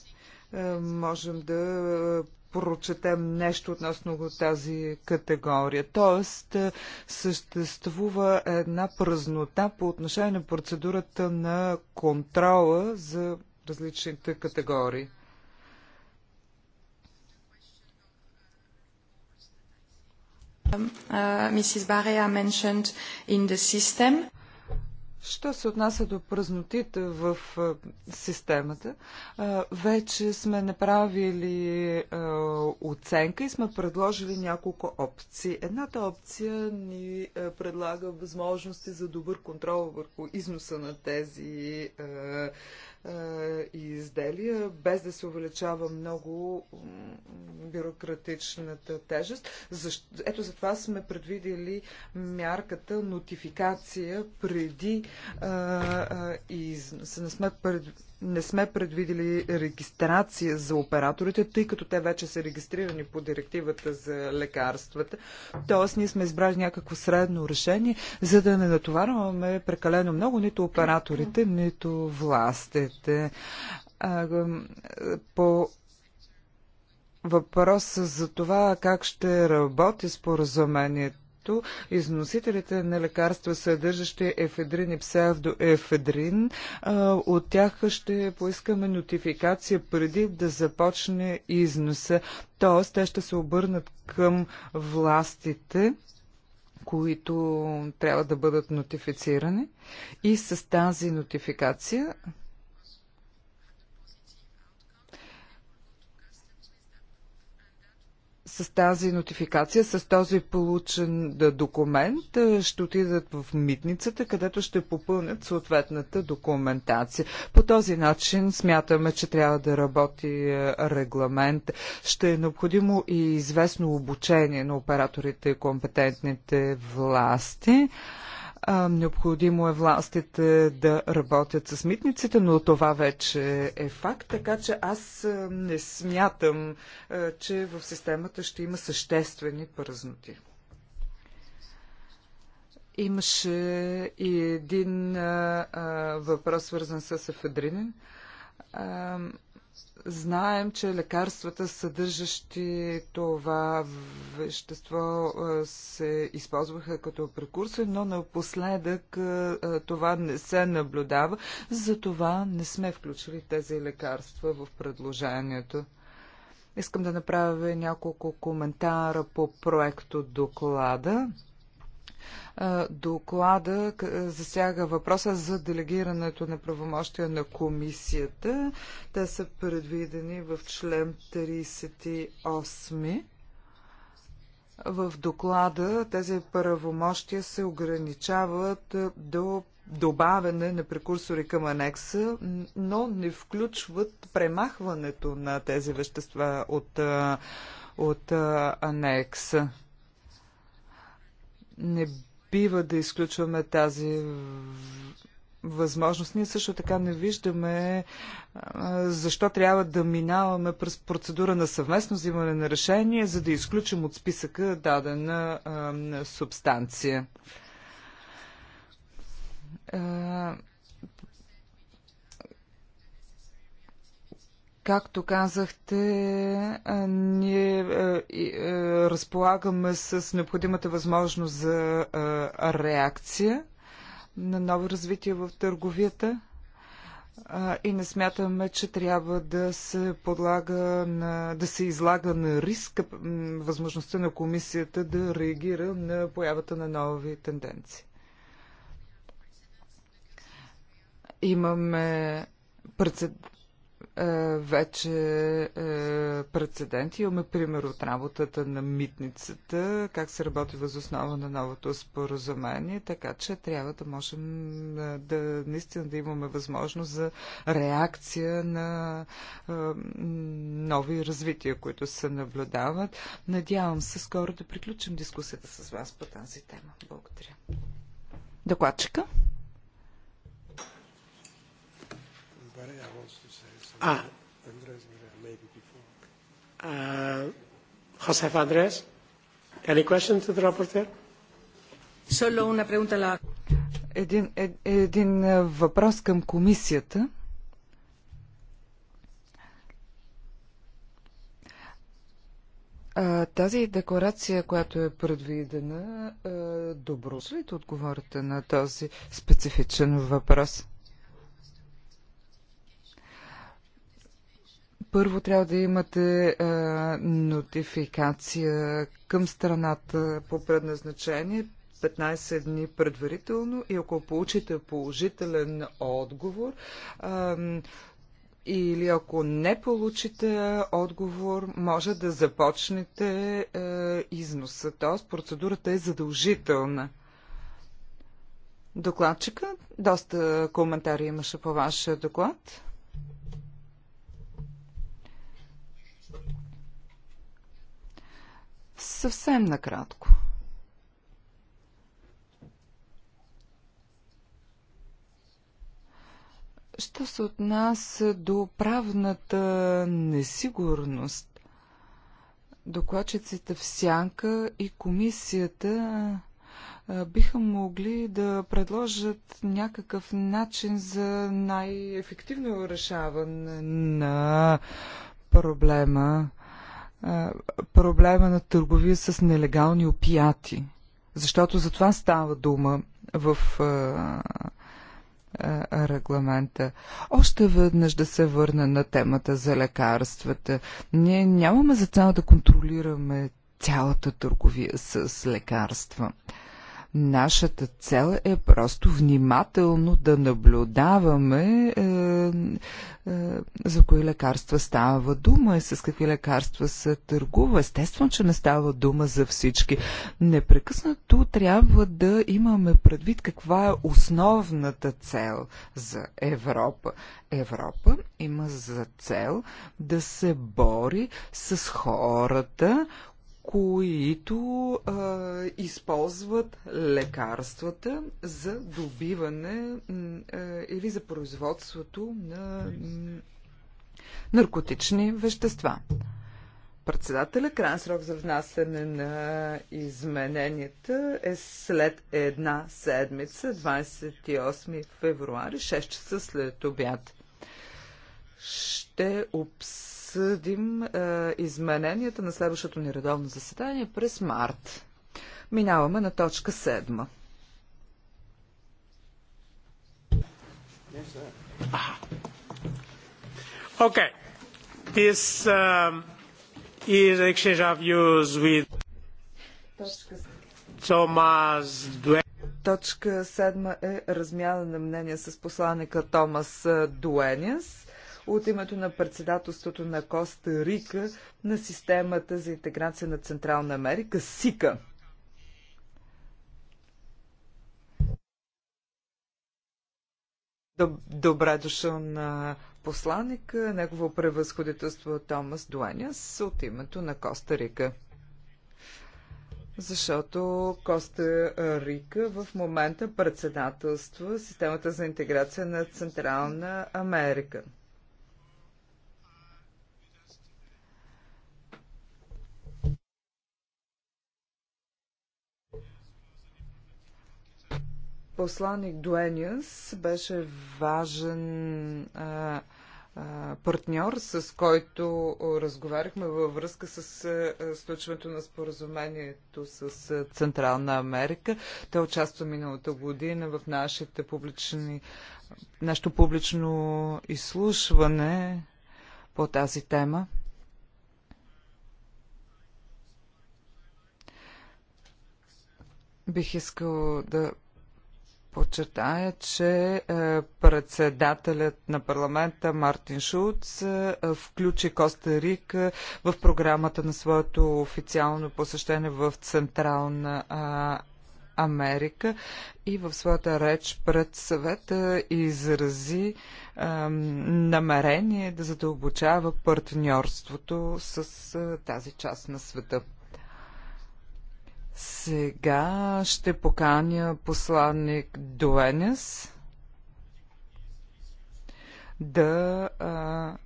можем да прочетем нещо относно тази категория. Тоест, е, съществува една празнота по отношение на процедурата на контрола за различните категории. Mrs. Barrea mentioned in the system. Що се отнася до празнотите в системата, вече сме направили оценка и сме предложили няколко опции. Едната опция ни предлага възможности за добър контрол върху износа на тези и изделия, без да се увеличава много бюрократичната тежест. Защо... Ето за това сме предвидели мярката нотификация преди а, а, и сме пред не сме предвидили регистрация за операторите, тъй като те вече са регистрирани по директивата за лекарствата. Тоест, ние сме избрали някакво средно решение, за да не натоварваме прекалено много нито операторите, нито властите. По въпроса за това как ще работи споразумението като износителите на лекарства, съдържащи ефедрин и псевдоефедрин, от тях ще поискаме нотификация преди да започне износа. Тоест, те ще се обърнат към властите които трябва да бъдат нотифицирани. И с тази нотификация с тази нотификация, с този получен документ, е, ще отидат в митницата, където ще попълнят съответната документация. По този начин смятаме, че трябва да работи е, регламент. Ще е необходимо и известно обучение на операторите и компетентните власти. А, необходимо е властите да работят с митниците, но това вече е факт, така че аз не смятам, че в системата ще има съществени празноти. Имаше и един а, а, въпрос, свързан с ефедринен. А, знаем, че лекарствата, съдържащи това вещество, се използваха като прекурсор, но напоследък това не се наблюдава. Затова не сме включили тези лекарства в предложението. Искам да направя няколко коментара по проекто доклада. Доклада засяга въпроса за делегирането на правомощия на комисията. Те са предвидени в член 38. В доклада тези правомощия се ограничават до добавяне на прекурсори към анекса, но не включват премахването на тези вещества от, от анекса. Не бива да изключваме тази възможност. Ние също така не виждаме защо трябва да минаваме през процедура на съвместно взимане на решение, за да изключим от списъка дадена субстанция. Както казахте, ние разполагаме с необходимата възможност за реакция на ново развитие в търговията и не смятаме, че трябва да се подлага на, да се излага на риск възможността на комисията да реагира на появата на нови тенденции. Имаме прецедент е, вече е, прецедент. Имаме пример от работата на митницата, как се работи въз основа на новото споразумение, така че трябва да можем е, да наистина да имаме възможност за реакция на нови развития, които се наблюдават. Надявам се скоро да приключим дискусията с вас по тази тема. Благодаря. Докладчика? But I was Ah. Andres, maybe before. Uh, Josef Andrés, any questions to the rapporteur? Solo una pregunta la... Един, е, един е, въпрос към комисията. А, тази декларация, която е предвидена, е, добро ли да отговорите на този специфичен въпрос? първо трябва да имате а, нотификация към страната по предназначение 15 дни предварително и ако получите положителен отговор, а, или ако не получите отговор, може да започнете а, износа. Т.е. процедурата е задължителна. Докладчика, доста коментари имаше по вашия доклад. Съвсем накратко. Що се отнася до правната несигурност, докладчиците в Сянка и комисията биха могли да предложат някакъв начин за най-ефективно решаване на проблема проблема на търговия с нелегални опияти. Защото за това става дума в регламента. Още веднъж да се върна на темата за лекарствата. Ние нямаме за цяло да контролираме цялата търговия с лекарства. Нашата цел е просто внимателно да наблюдаваме е, е, за кои лекарства става дума и с какви лекарства се търгува. Естествено, че не става дума за всички. Непрекъснато трябва да имаме предвид каква е основната цел за Европа. Европа има за цел да се бори с хората, които а, използват лекарствата за добиване а, или за производството на наркотични вещества. Председателя, крайен срок за внасене на измененията е след една седмица, 28 февруари, 6 часа след обяд. Ще обсъдим обсъдим е, измененията на следващото ни редовно заседание през март. Минаваме на точка 7. Okay. This um, is exchange of views with Точка 7 е размяна на мнение с посланника Томас е, Дуениас от името на председателството на Коста Рика на системата за интеграция на Централна Америка, СИКА. Добре дошъл на посланник. негово превъзходителство Томас Дуаняс от името на Коста Рика. Защото Коста Рика в момента председателства системата за интеграция на Централна Америка. посланник Дуениас беше важен а, а, партньор, с който разговаряхме във връзка с а, случването на споразумението с а, Централна Америка. Той участва миналата година в нашите публични, нашето публично изслушване по тази тема. Бих искал да подчертая, че е, председателят на парламента Мартин Шулц е, включи Коста Рика в програмата на своето официално посещение в Централна е, Америка и в своята реч пред съвета изрази намерение да задълбочава партньорството с тази част на света. Сега ще поканя посланник Дуенес да а,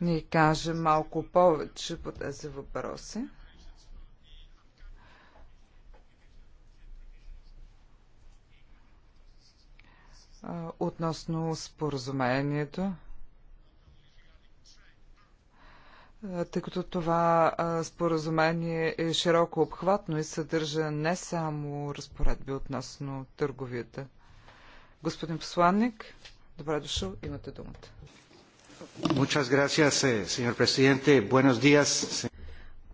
ни каже малко повече по тези въпроси. А, относно споразумението. тъй като това споразумение е широко обхватно и съдържа не само разпоредби относно търговията. Господин посланник, добре дошъл, имате думата. Eh,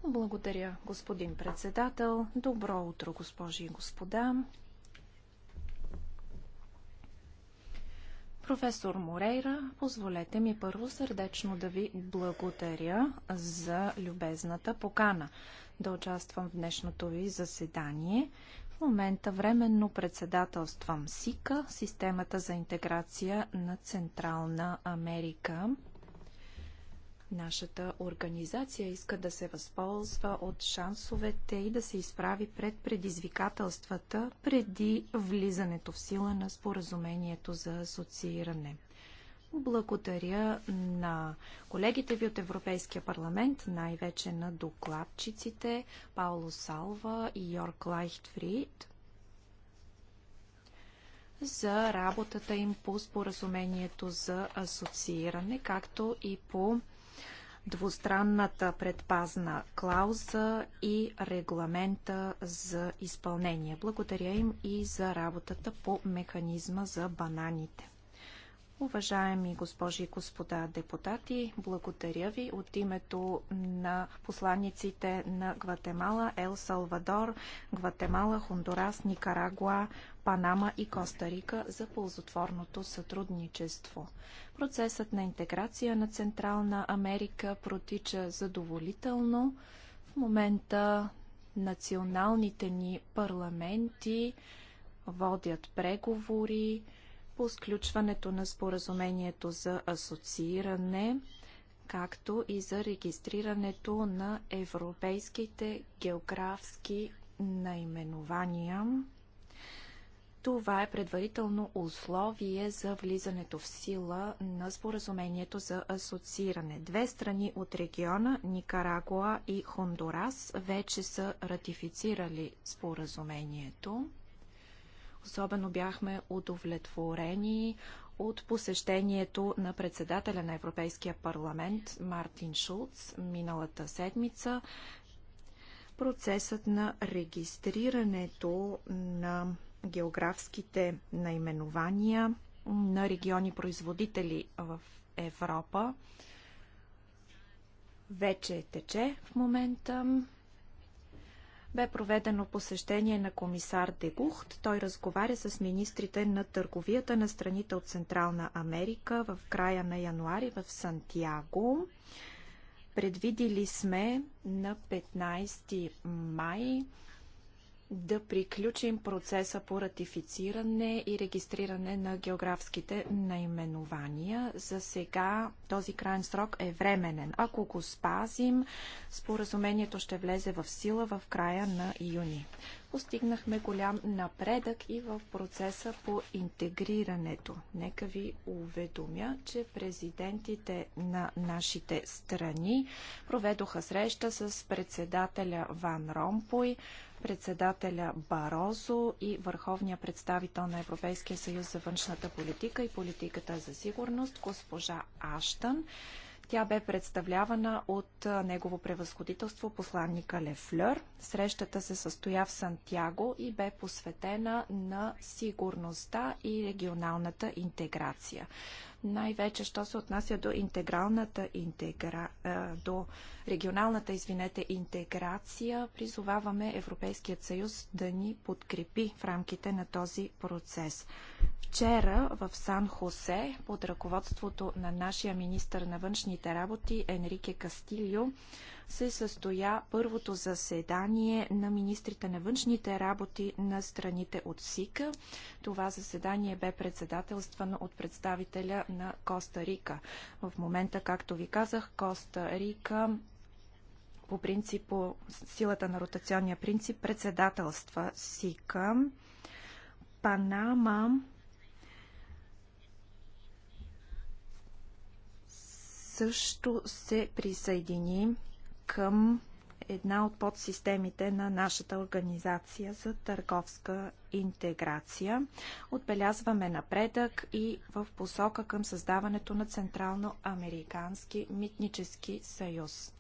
Благодаря, господин председател. Добро утро, госпожи и господа. Професор Морейра, позволете ми първо сърдечно да ви благодаря за любезната покана да участвам в днешното ви заседание. В момента временно председателствам СИКА, Системата за интеграция на Централна Америка. Нашата организация иска да се възползва от шансовете и да се изправи пред предизвикателствата преди влизането в сила на споразумението за асоцииране. Благодаря на колегите ви от Европейския парламент, най-вече на докладчиците Пауло Салва и Йорк Лайхтфрид за работата им по споразумението за асоцииране, както и по двустранната предпазна клауза и регламента за изпълнение. Благодаря им и за работата по механизма за бананите. Уважаеми госпожи и господа депутати, благодаря ви от името на посланиците на Гватемала, Ел Салвадор, Гватемала, Хондурас, Никарагуа, Панама и Коста Рика за ползотворното сътрудничество. Процесът на интеграция на Централна Америка протича задоволително. В момента националните ни парламенти водят преговори, по сключването на споразумението за асоцииране, както и за регистрирането на европейските географски наименования. Това е предварително условие за влизането в сила на споразумението за асоцииране. Две страни от региона, Никарагуа и Хондурас, вече са ратифицирали споразумението. Особено бяхме удовлетворени от посещението на председателя на Европейския парламент Мартин Шулц миналата седмица. Процесът на регистрирането на географските наименования на региони производители в Европа вече тече в момента. Бе проведено посещение на комисар Дегухт. Той разговаря с министрите на търговията на страните от Централна Америка в края на януари в Сантьяго. Предвидили сме на 15 май да приключим процеса по ратифициране и регистриране на географските наименования. За сега този крайен срок е временен. Ако го спазим, споразумението ще влезе в сила в края на юни. Постигнахме голям напредък и в процеса по интегрирането. Нека ви уведомя, че президентите на нашите страни проведоха среща с председателя Ван Ромпой, председателя Барозо и върховния представител на Европейския съюз за външната политика и политиката за сигурност, госпожа Аштън. Тя бе представлявана от негово превъзходителство посланника Лефлер. Срещата се състоя в Сантяго и бе посветена на сигурността и регионалната интеграция най-вече, що се отнася до интегралната интегра... до регионалната, извинете, интеграция, призоваваме Европейският съюз да ни подкрепи в рамките на този процес. Вчера в Сан Хосе, под ръководството на нашия министр на външните работи Енрике Кастилио, се състоя първото заседание на министрите на външните работи на страните от СИКА. Това заседание бе председателствано от представителя на Коста Рика. В момента, както ви казах, Коста Рика по принцип, силата на ротационния принцип, председателства СИКА. Панама също се присъедини към една от подсистемите на нашата организация за търговска интеграция. Отбелязваме напредък и в посока към създаването на Централно-американски митнически съюз.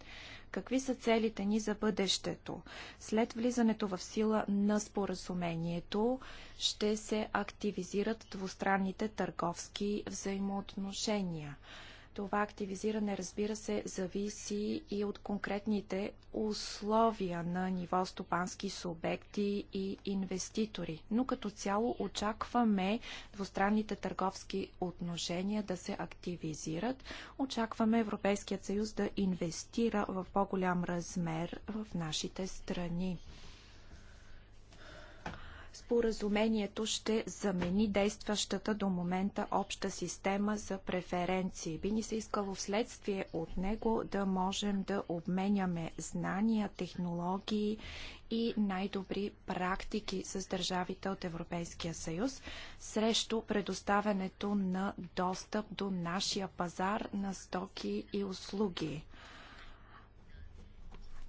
Какви са целите ни за бъдещето? След влизането в сила на споразумението ще се активизират двустранните търговски взаимоотношения – това активизиране, разбира се, зависи и от конкретните условия на ниво стопански субекти и инвеститори. Но като цяло очакваме двустранните търговски отношения да се активизират. Очакваме Европейският съюз да инвестира в по-голям размер в нашите страни. Споразумението ще замени действащата до момента обща система за преференции. Би ни се искало вследствие от него да можем да обменяме знания, технологии и най-добри практики с държавите от Европейския съюз срещу предоставянето на достъп до нашия пазар на стоки и услуги.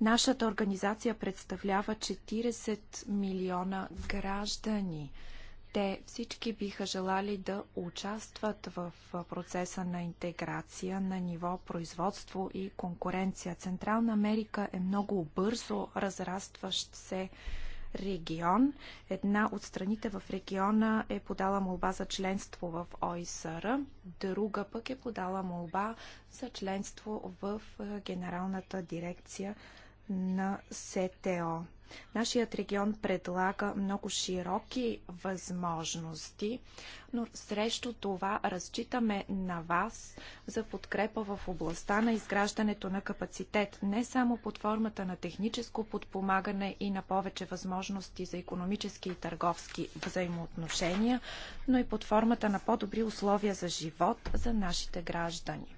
Нашата организация представлява 40 милиона граждани. Те всички биха желали да участват в процеса на интеграция на ниво производство и конкуренция. Централна Америка е много бързо разрастващ се регион. Една от страните в региона е подала молба за членство в ОИСР, друга пък е подала молба за членство в Генералната дирекция на СТО. Нашият регион предлага много широки възможности, но срещу това разчитаме на вас за подкрепа в областта на изграждането на капацитет, не само под формата на техническо подпомагане и на повече възможности за економически и търговски взаимоотношения, но и под формата на по-добри условия за живот за нашите граждани.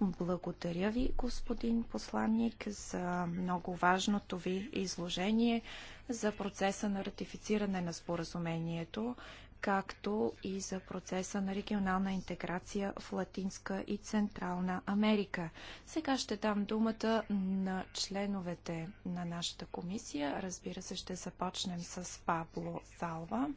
Благодаря ви, господин посланник, за много важното ви изложение за процеса на ратифициране на споразумението, както и за процеса на регионална интеграция в Латинска и Централна Америка. Сега ще дам думата на членовете на нашата комисия. Разбира се, ще започнем с Пабло Салва.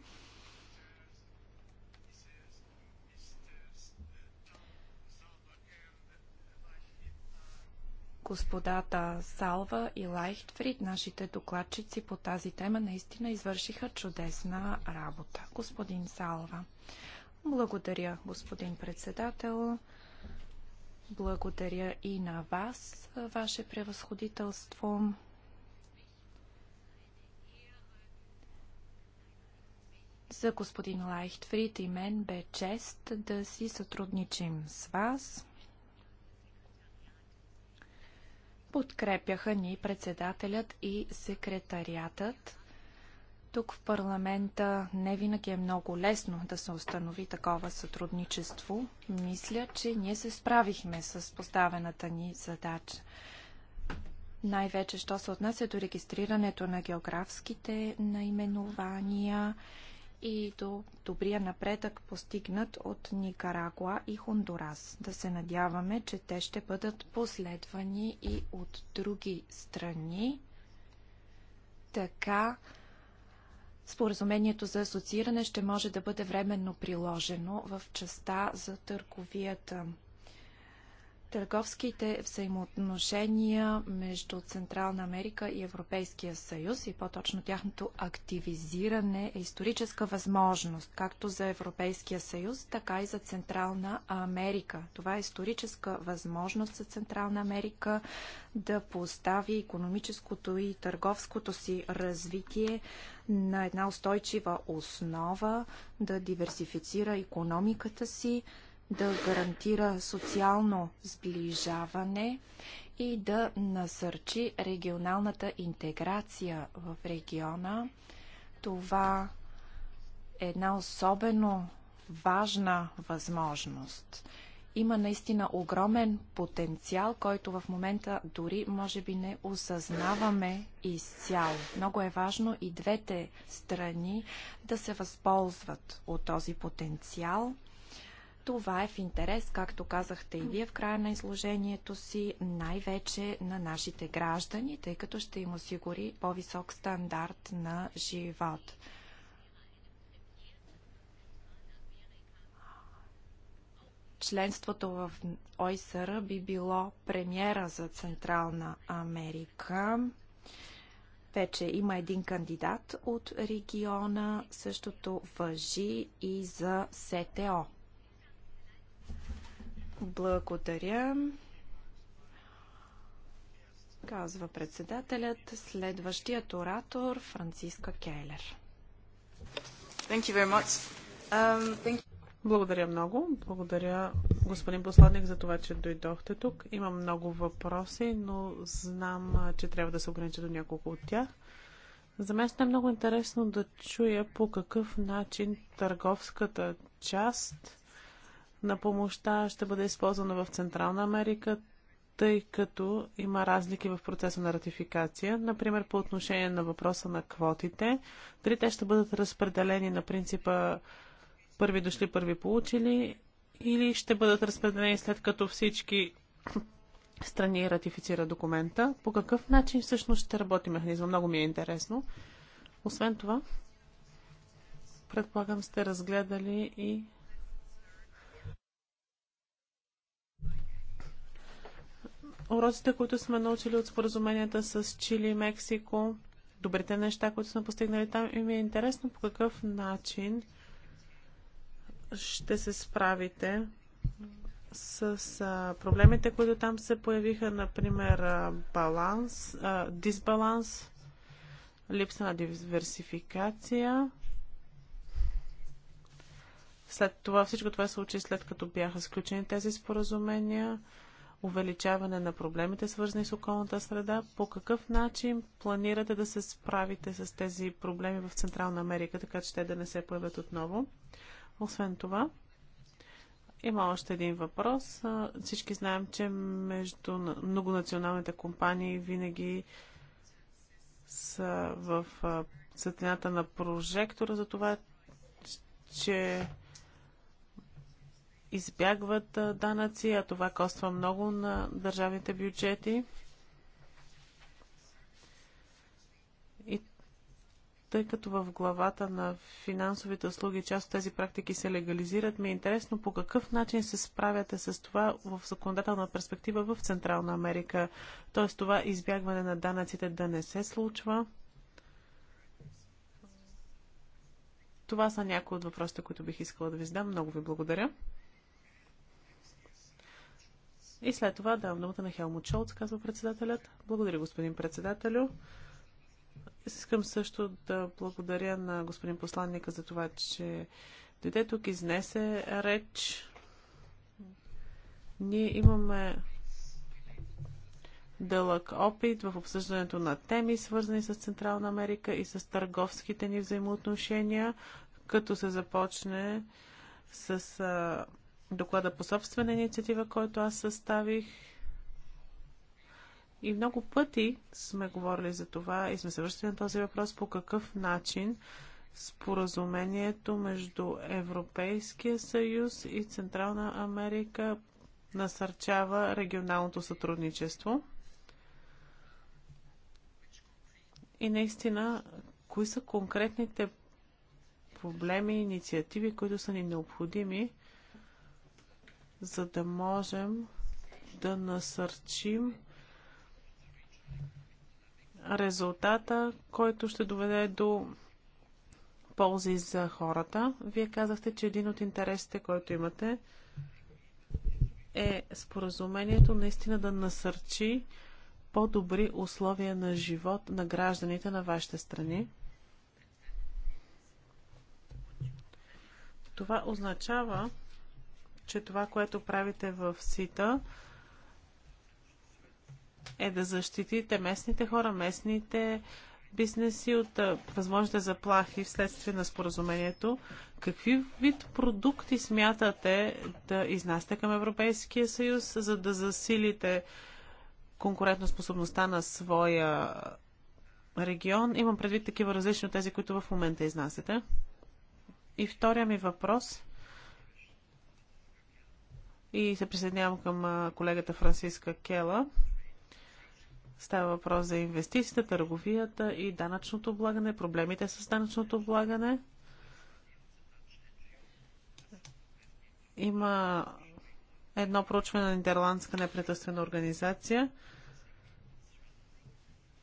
Господата Салва и Лайхтфрид, нашите докладчици по тази тема, наистина извършиха чудесна работа. Господин Салва. Благодаря, господин председател. Благодаря и на вас, ваше превъзходителство. За господин Лайхтфрид и мен бе чест да си сътрудничим с вас. Подкрепяха ни председателят и секретариатът. Тук в парламента не винаги е много лесно да се установи такова сътрудничество. Мисля, че ние се справихме с поставената ни задача. Най-вече, що се отнася до регистрирането на географските наименования и до добрия напредък постигнат от Никарагуа и Хондурас. Да се надяваме, че те ще бъдат последвани и от други страни. Така, Споразумението за асоцииране ще може да бъде временно приложено в частта за търговията търговските взаимоотношения между Централна Америка и Европейския съюз и по-точно тяхното активизиране е историческа възможност, както за Европейския съюз, така и за Централна Америка. Това е историческа възможност за Централна Америка да постави економическото и търговското си развитие на една устойчива основа, да диверсифицира економиката си, да гарантира социално сближаване и да насърчи регионалната интеграция в региона. Това е една особено важна възможност. Има наистина огромен потенциал, който в момента дори може би не осъзнаваме изцяло. Много е важно и двете страни да се възползват от този потенциал. Това е в интерес, както казахте и вие в края на изложението си, най-вече на нашите граждани, тъй като ще им осигури по-висок стандарт на живот. членството в ОИСР би било премьера за Централна Америка. Вече има един кандидат от региона. Същото въжи и за СТО. Благодаря. Казва председателят, следващият оратор Франциска Кейлер. Um, Благодаря много. Благодаря, господин посланник, за това, че дойдохте тук. Имам много въпроси, но знам, че трябва да се огранича до няколко от тях. За мен е много интересно да чуя по какъв начин търговската част на помощта ще бъде използвана в Централна Америка, тъй като има разлики в процеса на ратификация. Например, по отношение на въпроса на квотите, дали те ще бъдат разпределени на принципа първи дошли, първи получили или ще бъдат разпределени след като всички страни ратифицира документа. По какъв начин всъщност ще работи механизма? Много ми е интересно. Освен това, предполагам сте разгледали и уроците, които сме научили от споразуменията с Чили и Мексико, добрите неща, които сме постигнали там и ми е интересно по какъв начин ще се справите с а, проблемите, които там се появиха, например а, баланс, а, дисбаланс, липса на диверсификация. След това всичко това се случи след като бяха сключени тези споразумения увеличаване на проблемите, свързани с околната среда. По какъв начин планирате да се справите с тези проблеми в Централна Америка, така че те да не се появят отново? Освен това, има още един въпрос. Всички знаем, че между многонационалните компании винаги са в светлината на прожектора за това, че избягват данъци, а това коства много на държавните бюджети. И тъй като в главата на финансовите услуги част от тези практики се легализират, ми е интересно по какъв начин се справяте с това в законодателна перспектива в Централна Америка. Т.е. това избягване на данъците да не се случва. Това са някои от въпросите, които бих искала да ви задам. Много ви благодаря. И след това давам думата на Хелмут Шолц, казва председателят. Благодаря, господин председателю. Искам също да благодаря на господин посланника за това, че дойде тук, изнесе реч. Ние имаме дълъг опит в обсъждането на теми, свързани с Централна Америка и с търговските ни взаимоотношения, като се започне с доклада по собствена инициатива, който аз съставих. И много пъти сме говорили за това и сме се връщали на този въпрос по какъв начин споразумението между Европейския съюз и Централна Америка насърчава регионалното сътрудничество. И наистина, кои са конкретните проблеми и инициативи, които са ни необходими – за да можем да насърчим резултата, който ще доведе до ползи за хората. Вие казахте, че един от интересите, който имате, е споразумението наистина да насърчи по-добри условия на живот на гражданите на вашите страни. Това означава, че това, което правите в СИТА, е да защитите местните хора, местните бизнеси от възможните заплахи вследствие на споразумението. Какви вид продукти смятате да изнасяте към Европейския съюз, за да засилите конкурентоспособността на своя регион? Имам предвид такива различни от тези, които в момента изнасяте. И втория ми въпрос – и се присъединявам към колегата Франциска Кела. Става въпрос за инвестициите, търговията и данъчното облагане, проблемите с данъчното облагане. Има едно проучване на Нидерландска неправителствена организация,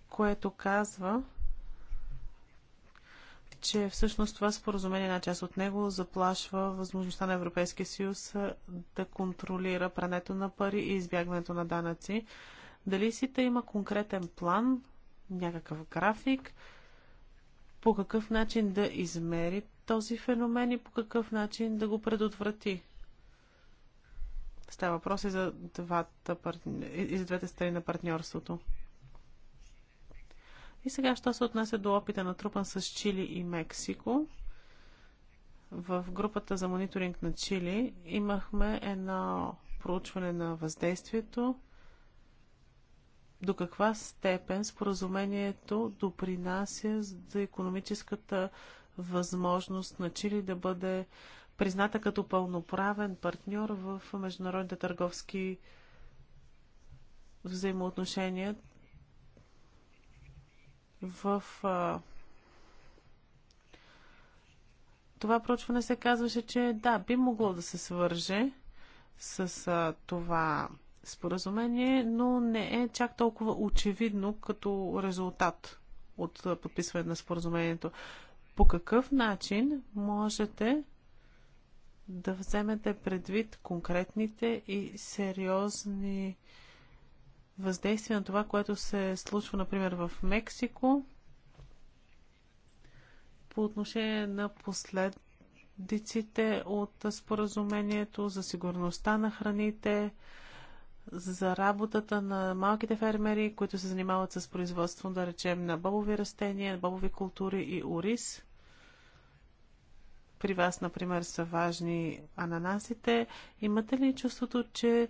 което казва, че всъщност това споразумение, една част от него, заплашва възможността на Европейския съюз да контролира прането на пари и избягването на данъци. Дали си да има конкретен план, някакъв график, по какъв начин да измери този феномен и по какъв начин да го предотврати? Става въпрос и за, двата, и за двете страни на партньорството. И сега, що се отнася до опита на трупан с Чили и Мексико, в групата за мониторинг на Чили имахме едно проучване на въздействието, до каква степен споразумението допринася за економическата възможност на Чили да бъде призната като пълноправен партньор в международните търговски взаимоотношения. В а, това проучване се казваше, че да, би могло да се свърже с а, това споразумение, но не е чак толкова очевидно като резултат от подписване на споразумението. По какъв начин можете да вземете предвид конкретните и сериозни въздействие на това, което се случва, например, в Мексико по отношение на последиците от споразумението за сигурността на храните, за работата на малките фермери, които се занимават с производство, да речем, на бобови растения, бобови култури и ориз. При вас, например, са важни ананасите. Имате ли чувството, че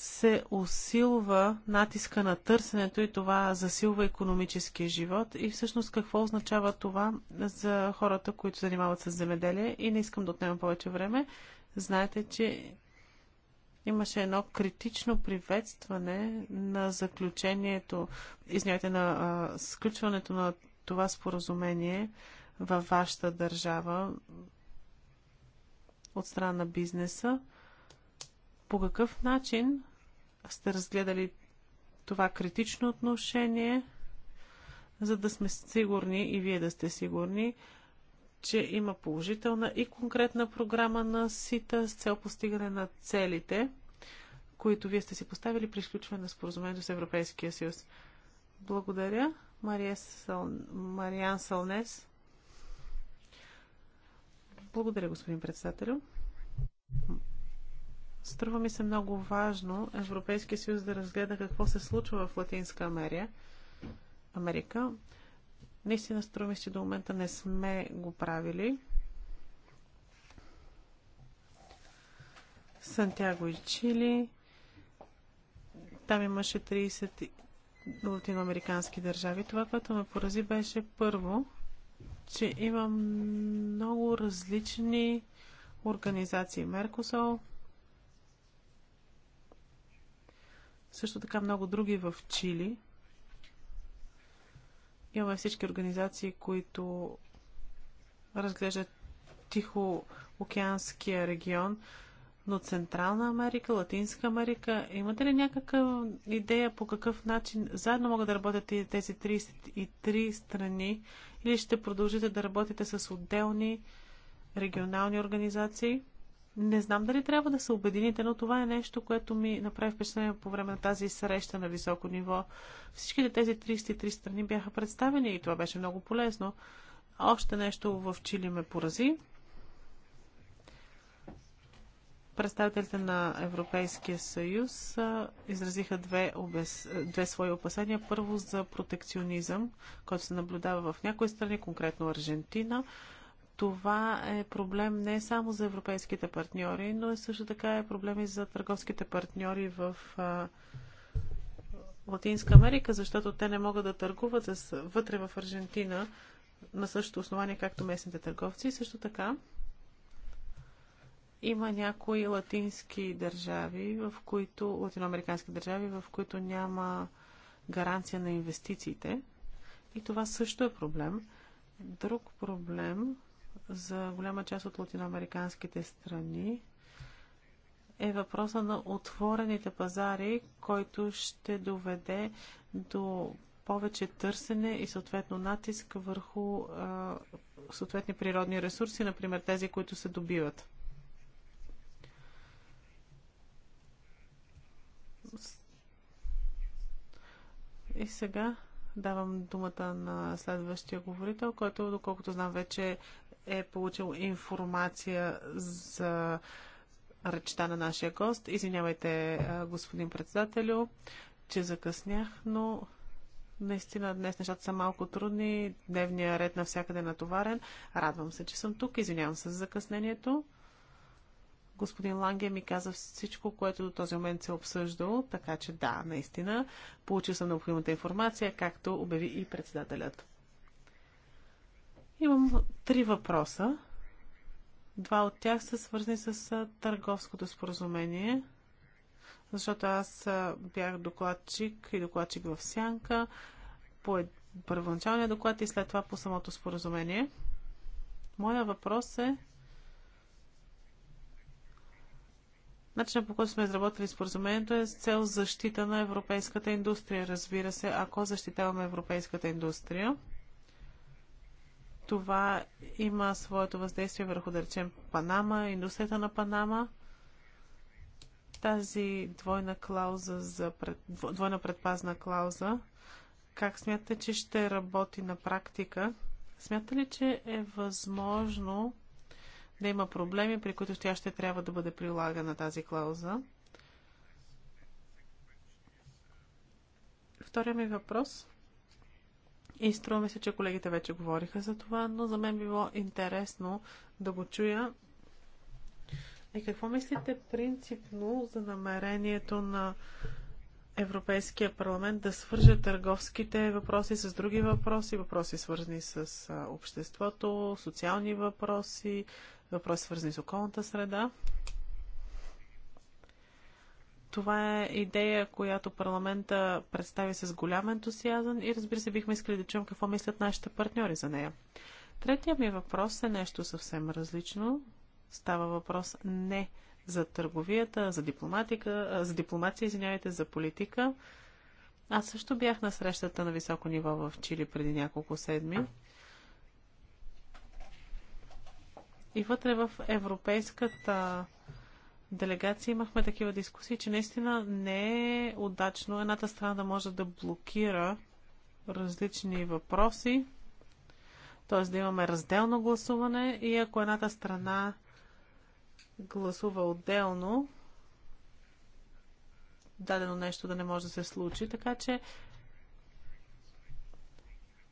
се усилва натиска на търсенето и това засилва економическия живот. И всъщност какво означава това за хората, които занимават с земеделие? И не искам да отнемам повече време. Знаете, че имаше едно критично приветстване на заключението, извинявайте, на а, сключването на това споразумение във вашата държава от страна на бизнеса. По какъв начин сте разгледали това критично отношение, за да сме сигурни и вие да сте сигурни, че има положителна и конкретна програма на СИТА с цел постигане на целите, които вие сте си поставили при изключване на споразумението с Европейския съюз. Благодаря. Мария Сал... Мариан Салнес. Благодаря, господин председател. Струва ми се много важно Европейския съюз да разгледа какво се случва в Латинска Америка. Америка. Наистина струва ми се, до момента не сме го правили. Сантяго и Чили. Там имаше 30 латиноамерикански държави. Това, което ме порази, беше първо, че има много различни организации. Меркосол, Също така много други в Чили. Имаме всички организации, които разглеждат Тихоокеанския регион, но Централна Америка, Латинска Америка, имате ли някаква идея по какъв начин заедно могат да работят и тези 33 страни или ще продължите да работите с отделни регионални организации? Не знам дали трябва да се обедините, но това е нещо, което ми направи впечатление по време на тази среща на високо ниво. Всичките тези 33 страни бяха представени и това беше много полезно. Още нещо в Чили ме порази. Представителите на Европейския съюз изразиха две, обез... две свои опасения. Първо за протекционизъм, който се наблюдава в някои страни, конкретно Аржентина това е проблем не само за европейските партньори, но и е също така е проблем и за търговските партньори в а, Латинска Америка, защото те не могат да търгуват с, вътре в Аржентина на същото основание, както местните търговци. И също така има някои латински държави, в които, латиноамерикански държави, в които няма гаранция на инвестициите. И това също е проблем. Друг проблем за голяма част от латиноамериканските страни е въпроса на отворените пазари, който ще доведе до повече търсене и съответно натиск върху а, съответни природни ресурси, например тези, които се добиват. И сега Давам думата на следващия говорител, който, доколкото знам, вече е получил информация за речта на нашия гост. Извинявайте, господин председателю, че закъснях, но наистина днес нещата са малко трудни, дневният ред навсякъде е натоварен. Радвам се, че съм тук. Извинявам се за закъснението господин Ланге ми каза всичко, което до този момент се е обсъждало, така че да, наистина, получил съм необходимата информация, както обяви и председателят. Имам три въпроса. Два от тях са свързани с търговското споразумение, защото аз бях докладчик и докладчик в Сянка по първоначалния доклад и след това по самото споразумение. Моя въпрос е Начинът по който сме изработили споразумението е с цел защита на европейската индустрия. Разбира се, ако защитаваме европейската индустрия, това има своето въздействие върху, да речем, Панама, индустрията на Панама. Тази двойна клауза за пред, двойна предпазна клауза, как смятате, че ще работи на практика? Смятате ли, че е възможно да има проблеми, при които тя ще трябва да бъде прилагана тази клауза. Втория ми въпрос и струва ми се, че колегите вече говориха за това, но за мен било интересно да го чуя. И какво мислите принципно за намерението на Европейския парламент да свърже търговските въпроси с други въпроси, въпроси свързани с обществото, социални въпроси, въпроси, свързани с околната среда. Това е идея, която парламента представи с голям ентусиазъм и разбира се, бихме искали да чуем какво мислят нашите партньори за нея. Третия ми въпрос е нещо съвсем различно. Става въпрос не за търговията, за, дипломатика, за дипломация, извинявайте, за политика. Аз също бях на срещата на високо ниво в Чили преди няколко седми. И вътре в европейската делегация имахме такива дискусии, че наистина не е удачно едната страна да може да блокира различни въпроси, т.е. да имаме разделно гласуване и ако едната страна гласува отделно, дадено нещо да не може да се случи. Така че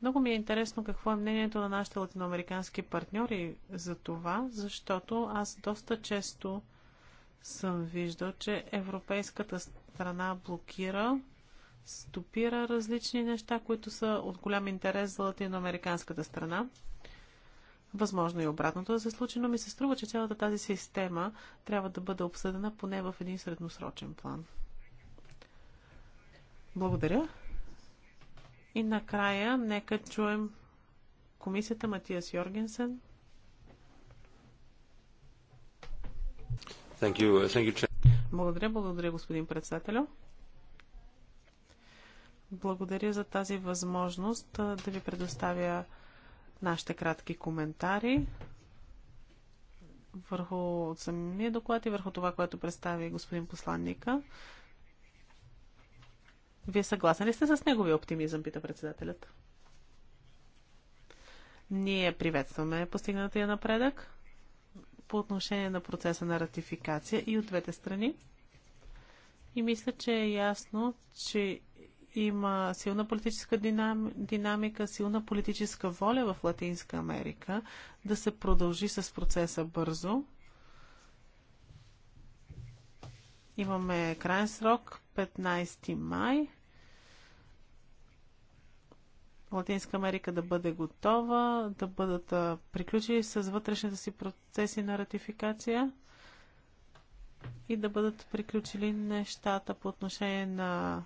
много ми е интересно какво е мнението на нашите латиноамерикански партньори за това, защото аз доста често съм виждал, че европейската страна блокира, стопира различни неща, които са от голям интерес за латиноамериканската страна. Възможно е и обратното да се случи, но ми се струва, че цялата тази система трябва да бъде обсъдена поне в един средносрочен план. Благодаря. И накрая, нека чуем комисията Матиас Йоргенсен. Thank you. Uh, thank you. Благодаря, благодаря, господин председателю. Благодаря за тази възможност да ви предоставя нашите кратки коментари върху самия доклад и върху това, което представи господин посланника. Вие съгласен ли сте с неговия оптимизъм, пита председателят? Ние приветстваме постигнатия напредък по отношение на процеса на ратификация и от двете страни. И мисля, че е ясно, че има силна политическа динам... динамика, силна политическа воля в Латинска Америка да се продължи с процеса бързо. Имаме крайен срок 15 май Латинска Америка да бъде готова, да бъдат приключили с вътрешните си процеси на ратификация и да бъдат приключили нещата по отношение на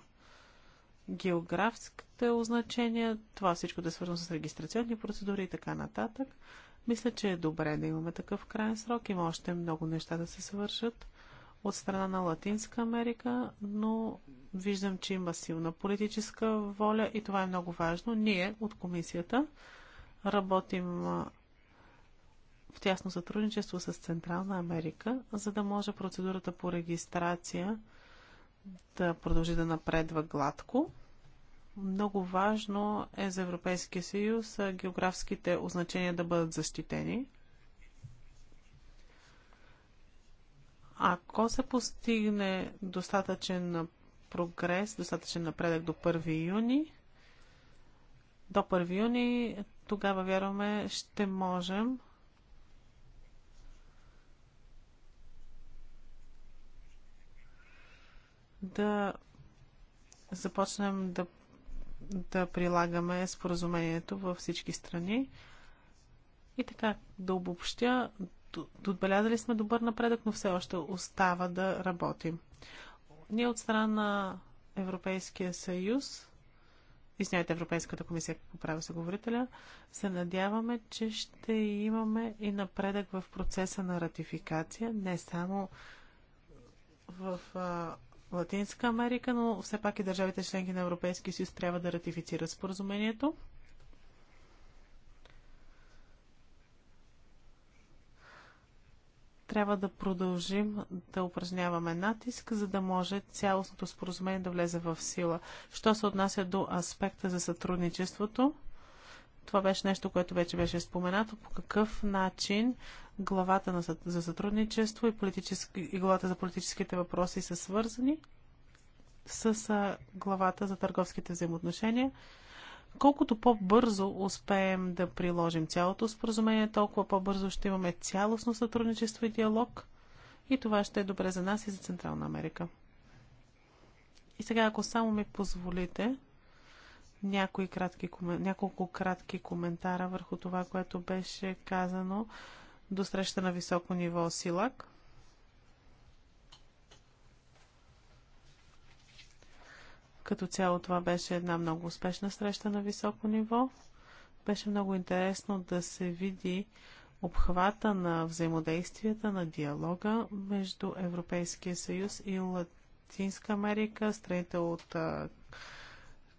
географските означения, това всичко да е свързано с регистрационни процедури и така нататък. Мисля, че е добре да имаме такъв крайен срок. Има още много неща да се свършат от страна на Латинска Америка, но виждам, че има силна политическа воля и това е много важно. Ние от комисията работим в тясно сътрудничество с Централна Америка, за да може процедурата по регистрация да продължи да напредва гладко. Много важно е за Европейския съюз географските означения да бъдат защитени, Ако се постигне достатъчен прогрес, достатъчен напредък до 1 юни, до 1 юни, тогава вярваме, ще можем да започнем да, да прилагаме споразумението във всички страни. И така, да обобщя, отбелязали сме добър напредък, но все още остава да работим. Ние от страна на Европейския съюз, извинявайте, Европейската комисия какво прави се говорителя, се надяваме, че ще имаме и напредък в процеса на ратификация, не само в а, Латинска Америка, но все пак и държавите членки на Европейския съюз трябва да ратифицират споразумението. трябва да продължим да упражняваме натиск, за да може цялостното споразумение да влезе в сила. Що се отнася до аспекта за сътрудничеството, това беше нещо, което вече беше споменато. По какъв начин главата на, за сътрудничество и, и главата за политическите въпроси са свързани с главата за търговските взаимоотношения? Колкото по-бързо успеем да приложим цялото споразумение, толкова по-бързо ще имаме цялостно сътрудничество и диалог и това ще е добре за нас и за Централна Америка. И сега, ако само ми позволите, някои кратки, няколко кратки коментара върху това, което беше казано до среща на високо ниво Силак. Като цяло това беше една много успешна среща на високо ниво. Беше много интересно да се види обхвата на взаимодействията, на диалога между Европейския съюз и Латинска Америка, страните от а,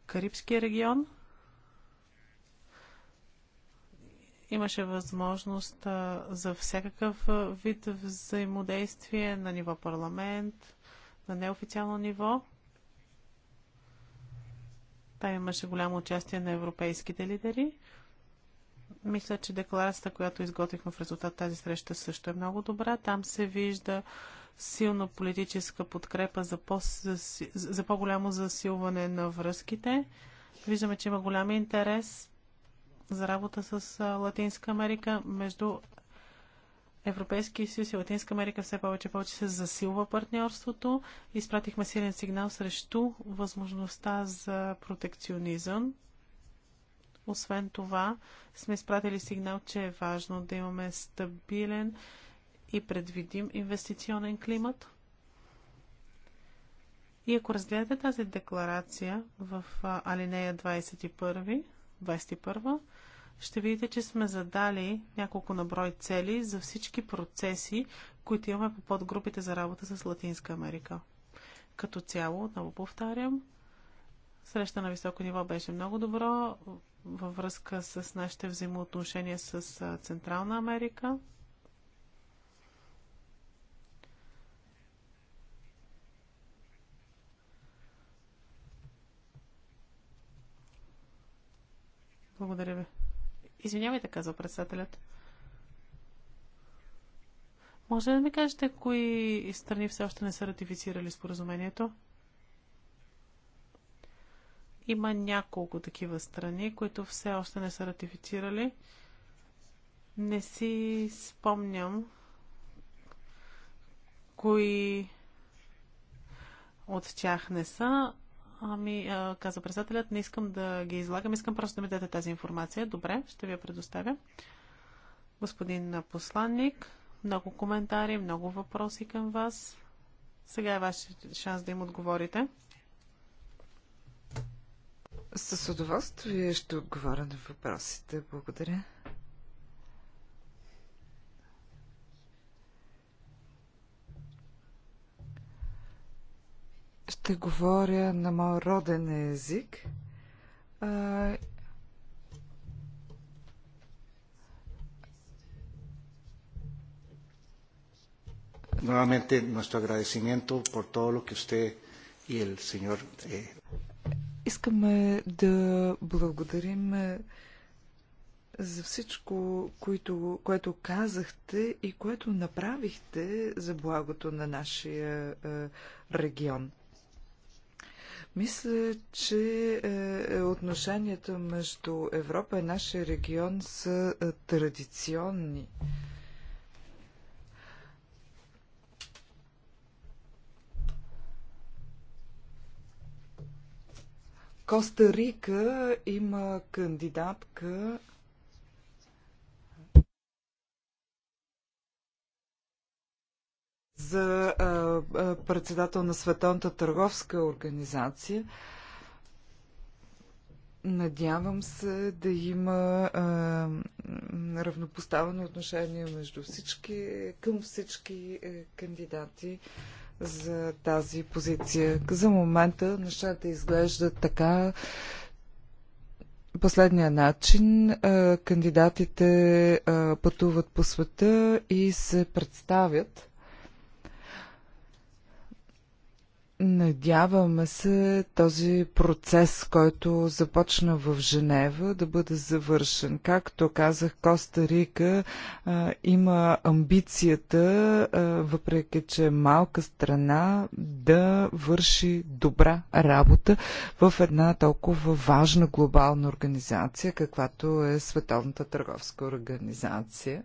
Карибския регион. Имаше възможност а, за всякакъв вид взаимодействие на ниво парламент, на неофициално ниво. Там имаше голямо участие на европейските лидери. Мисля, че декларацията, която изготвихме в резултат тази среща също е много добра. Там се вижда силна политическа подкрепа за, по- за по-голямо засилване на връзките. Виждаме, че има голям интерес за работа с Латинска Америка между Европейския съюз и Латинска Америка все повече повече се засилва партньорството. Изпратихме силен сигнал срещу възможността за протекционизъм. Освен това, сме изпратили сигнал, че е важно да имаме стабилен и предвидим инвестиционен климат. И ако разгледате тази декларация в алинея 21, 21 ще видите, че сме задали няколко наброй цели за всички процеси, които имаме по подгрупите за работа с Латинска Америка. Като цяло, отново повтарям, среща на високо ниво беше много добро във връзка с нашите взаимоотношения с Централна Америка. Благодаря ви. Извинявайте, казва председателят. Може ли да ми кажете, кои страни все още не са ратифицирали споразумението? Има няколко такива страни, които все още не са ратифицирали. Не си спомням кои от тях не са. Ами, каза председателят, не искам да ги излагам, искам просто да ми дадете тази информация. Добре, ще ви я предоставя. Господин посланник, много коментари, много въпроси към вас. Сега е ваш шанс да им отговорите. С удоволствие ще отговоря на въпросите. Благодаря. ще говоря на моя роден език. А, Nuevamente nuestro agradecimiento por todo lo que usted y el señor. Eh, Искаме да благодарим е, за всичко, което, което казахте и което направихте за благото на нашия е, регион. Мисля, че е, е, отношенията между Европа и нашия регион са е, традиционни. Коста Рика има кандидатка за председател на Световната търговска организация. Надявам се да има а, равнопоставено отношение между всички, към всички е, кандидати за тази позиция. За момента нещата изглеждат така, последния начин. Кандидатите пътуват по света и се представят. Надяваме се този процес, който започна в Женева, да бъде завършен. Както казах, Коста Рика а, има амбицията, а, въпреки че е малка страна, да върши добра работа в една толкова важна глобална организация, каквато е Световната търговска организация.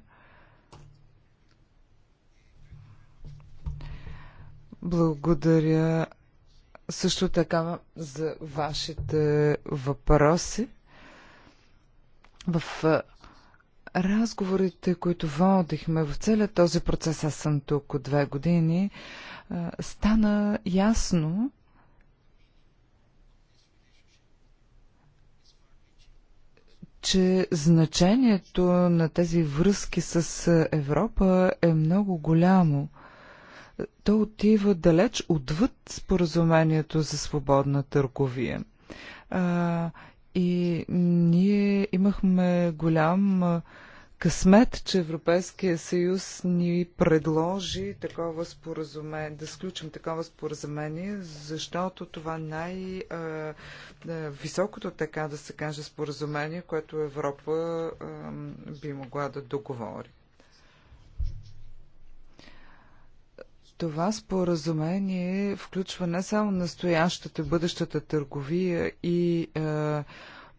Благодаря също така за вашите въпроси. В разговорите, които водихме в целият този процес, аз съм тук от две години, стана ясно, че значението на тези връзки с Европа е много голямо то отива далеч отвъд споразумението за свободна търговия. А, и ние имахме голям късмет, че Европейския съюз ни предложи такова споразумение, да сключим такова споразумение, защото това най-високото, така да се каже, споразумение, което Европа би могла да договори. Това споразумение включва не само настоящата, бъдещата търговия и е,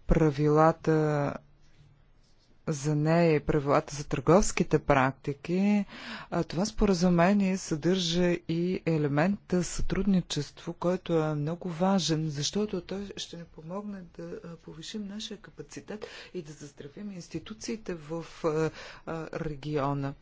правилата за нея правилата за търговските практики, това споразумение съдържа и елемента е сътрудничество, който е много важен, защото той ще ни помогне да е, повишим нашия капацитет и да заздравим институциите в е, региона.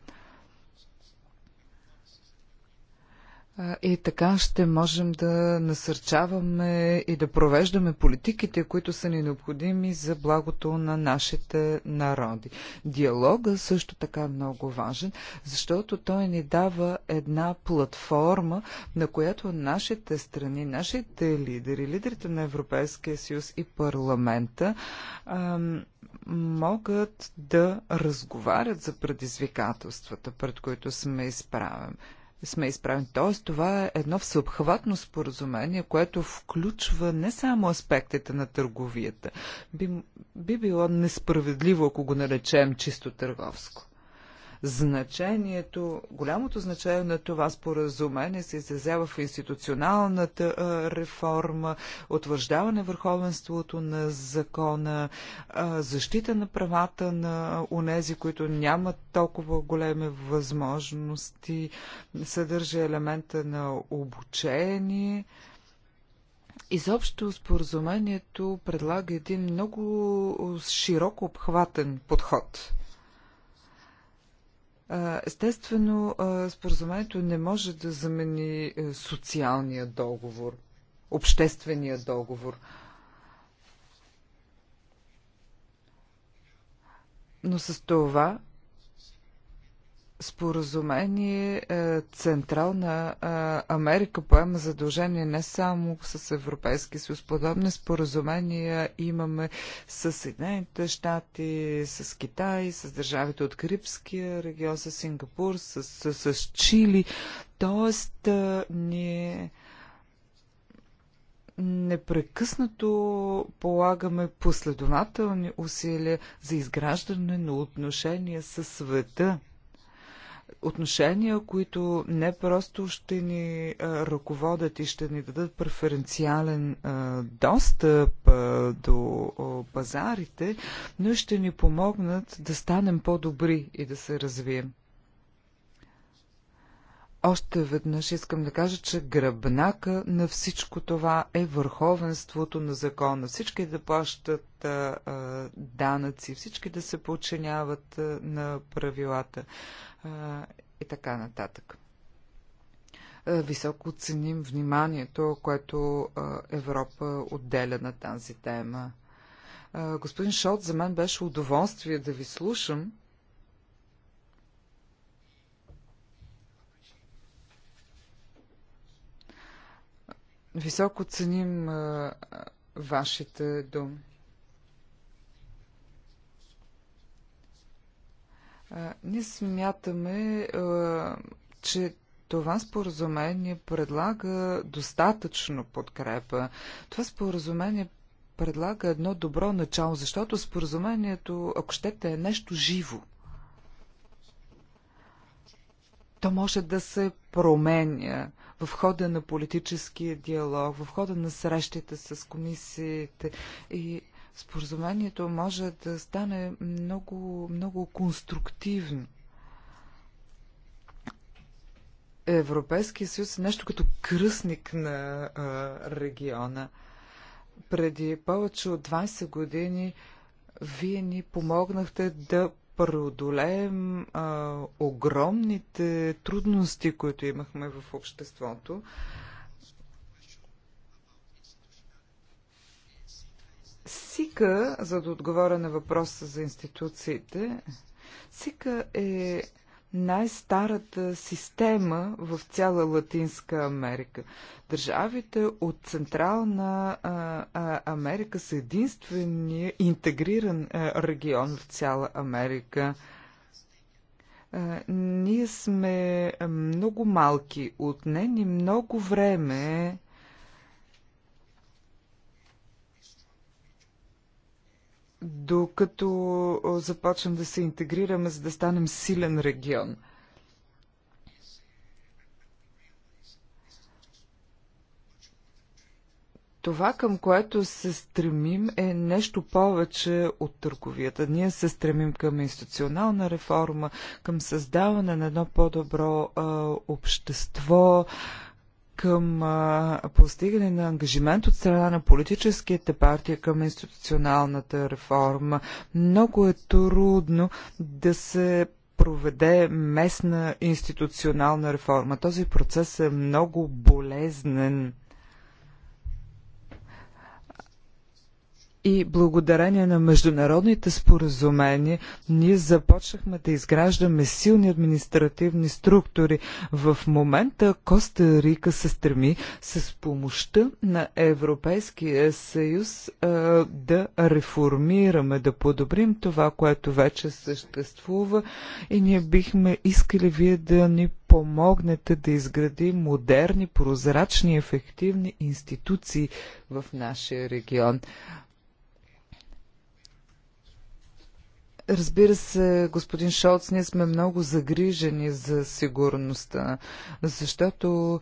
И така ще можем да насърчаваме и да провеждаме политиките, които са ни необходими за благото на нашите народи. Диалога също така е много важен, защото той ни дава една платформа, на която нашите страни, нашите лидери, лидерите на Европейския съюз и парламента могат да разговарят за предизвикателствата, пред които сме изправени сме изправени. Тоест, това е едно всеобхватно споразумение, което включва не само аспектите на търговията. Би, би било несправедливо, ако го наречем чисто търговско. Значението, голямото значение на това споразумение се изразява в институционалната реформа, утвърждаване върховенството на закона, защита на правата на унези, които нямат толкова големи възможности, съдържа елемента на обучение. Изобщо споразумението предлага един много широко обхватен подход. Естествено, споразумението не може да замени е, социалния договор, обществения договор. Но с това споразумение е, Централна е, Америка поема задължение не само с Европейския съюз. Подобни споразумения имаме с Съединените щати, с Китай, с държавите от Карибския регион, с Сингапур, с, с, с Чили. Тоест, е, ние непрекъснато полагаме последователни усилия за изграждане на отношения със света отношения, които не просто ще ни ръководят и ще ни дадат преференциален достъп до пазарите, но ще ни помогнат да станем по-добри и да се развием. Още веднъж искам да кажа, че гръбнака на всичко това е върховенството на закона. Всички да плащат а, данъци, всички да се подчиняват а, на правилата и така нататък. Високо ценим вниманието, което Европа отделя на тази тема. Господин Шот, за мен беше удоволствие да ви слушам. Високо ценим вашите думи. Ние смятаме, че това споразумение предлага достатъчно подкрепа. Това споразумение предлага едно добро начало, защото споразумението, ако щете, е нещо живо. То може да се променя в хода на политическия диалог, в хода на срещите с комисиите и споразумението може да стане много, много конструктивно. Европейския съюз е нещо като кръстник на а, региона. Преди повече от 20 години вие ни помогнахте да преодолеем а, огромните трудности, които имахме в обществото. А, СИКА, за да отговоря на въпроса за институциите, СИКА е най-старата система в цяла Латинска Америка. Държавите от Централна а, а, Америка са единствения интегриран а, регион в цяла Америка. А, ние сме много малки, отнени много време докато започнем да се интегрираме, за да станем силен регион. Това, към което се стремим, е нещо повече от търговията. Ние се стремим към институционална реформа, към създаване на едно по-добро общество, а, към постигане на ангажимент от страна на политическите партии към институционалната реформа. Много е трудно да се проведе местна институционална реформа. Този процес е много болезнен. И благодарение на международните споразумения ние започнахме да изграждаме силни административни структури. В момента Коста Рика се стреми с помощта на Европейския съюз да реформираме, да подобрим това, което вече съществува и ние бихме искали вие да ни помогнете да изградим модерни, прозрачни, ефективни институции в нашия регион. Разбира се, господин Шолц, ние сме много загрижени за сигурността, защото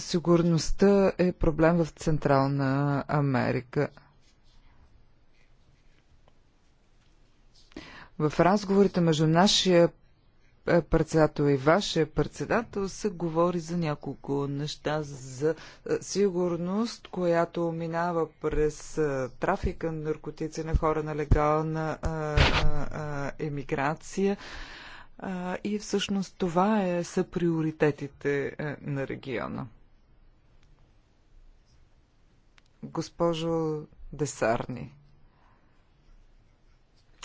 сигурността е проблем в Централна Америка. В разговорите между нашия председател и вашия председател се говори за няколко неща за е, сигурност, която минава през е, трафика на наркотици на хора на легална е, емиграция. И всъщност това е, са приоритетите на региона. Госпожо Десарни,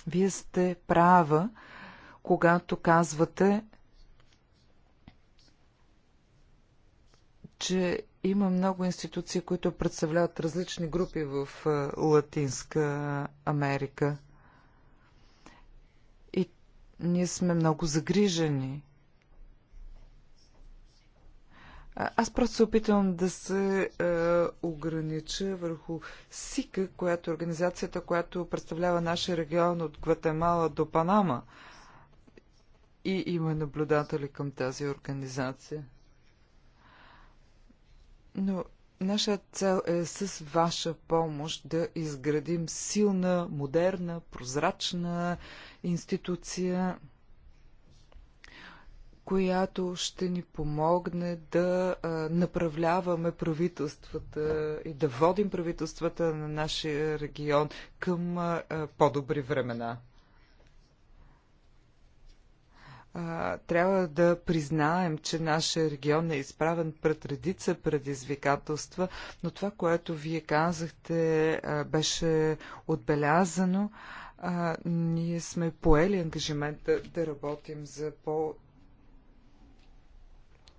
вие сте права, когато казвате, че има много институции, които представляват различни групи в е, Латинска Америка. И ние сме много загрижени. Аз просто се опитвам да се е, огранича върху СИКА, която е организацията, която представлява нашия регион от Гватемала до Панама. Е, и има наблюдатели към тази организация. Но наша цел е с ваша помощ да изградим силна, модерна, прозрачна институция, която ще ни помогне да а, направляваме правителствата и да водим правителствата на нашия регион към а, по-добри времена а, трябва да признаем, че нашия регион е изправен пред редица предизвикателства, но това, което вие казахте, а, беше отбелязано. А, ние сме поели ангажимента да работим за по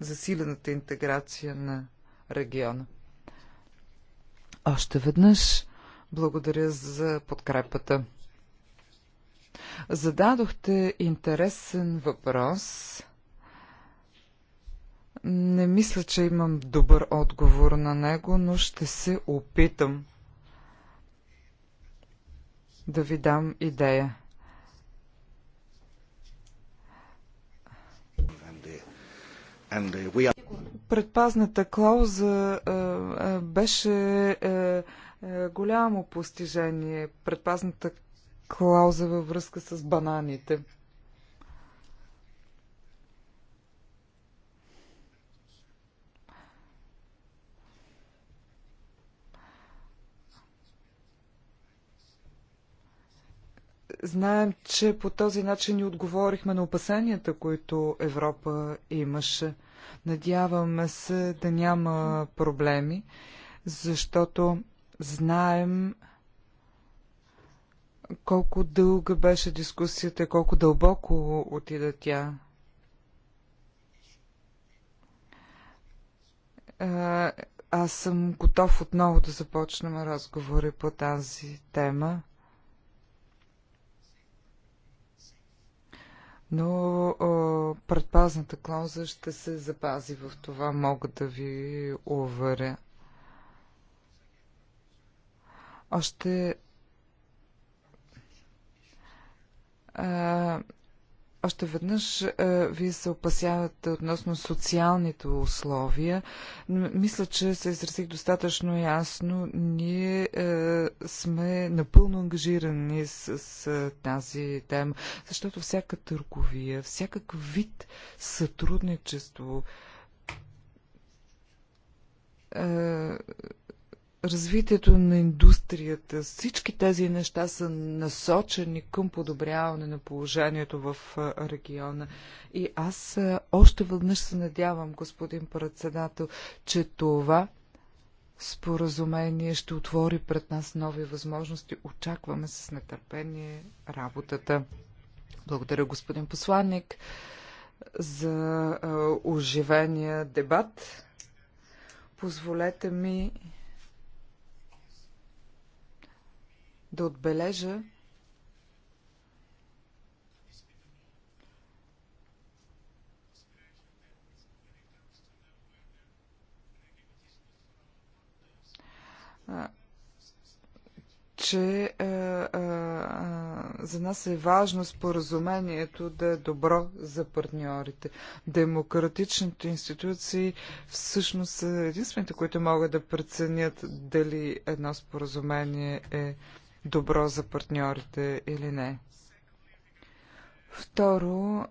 засилената интеграция на региона. Още веднъж благодаря за подкрепата. Зададохте интересен въпрос. Не мисля, че имам добър отговор на него, но ще се опитам да ви дам идея. Предпазната клауза а, е, а, е, беше а, е, голямо постижение. Предпазната клауза във връзка с бананите. Знаем, че по този начин ни отговорихме на опасенията, които Европа имаше. Надяваме се да няма проблеми, защото знаем, колко дълга беше дискусията, колко дълбоко отида тя? Аз съм готов отново да започнем разговори по тази тема. Но о, предпазната клауза ще се запази в това, мога да ви уверя. Още още веднъж вие се опасявате относно социалните условия. Мисля, че се изразих достатъчно ясно. Ние сме напълно ангажирани с, с тази тема, защото всяка търговия, всякакъв вид сътрудничество развитието на индустрията, всички тези неща са насочени към подобряване на положението в региона. И аз още веднъж се надявам, господин председател, че това споразумение ще отвори пред нас нови възможности. Очакваме с нетърпение работата. Благодаря, господин посланник, за оживения дебат. Позволете ми да отбележа, че а, а, а, за нас е важно споразумението да е добро за партньорите. Демократичните институции всъщност са единствените, които могат да преценят дали едно споразумение е добро за партньорите или не. Второ,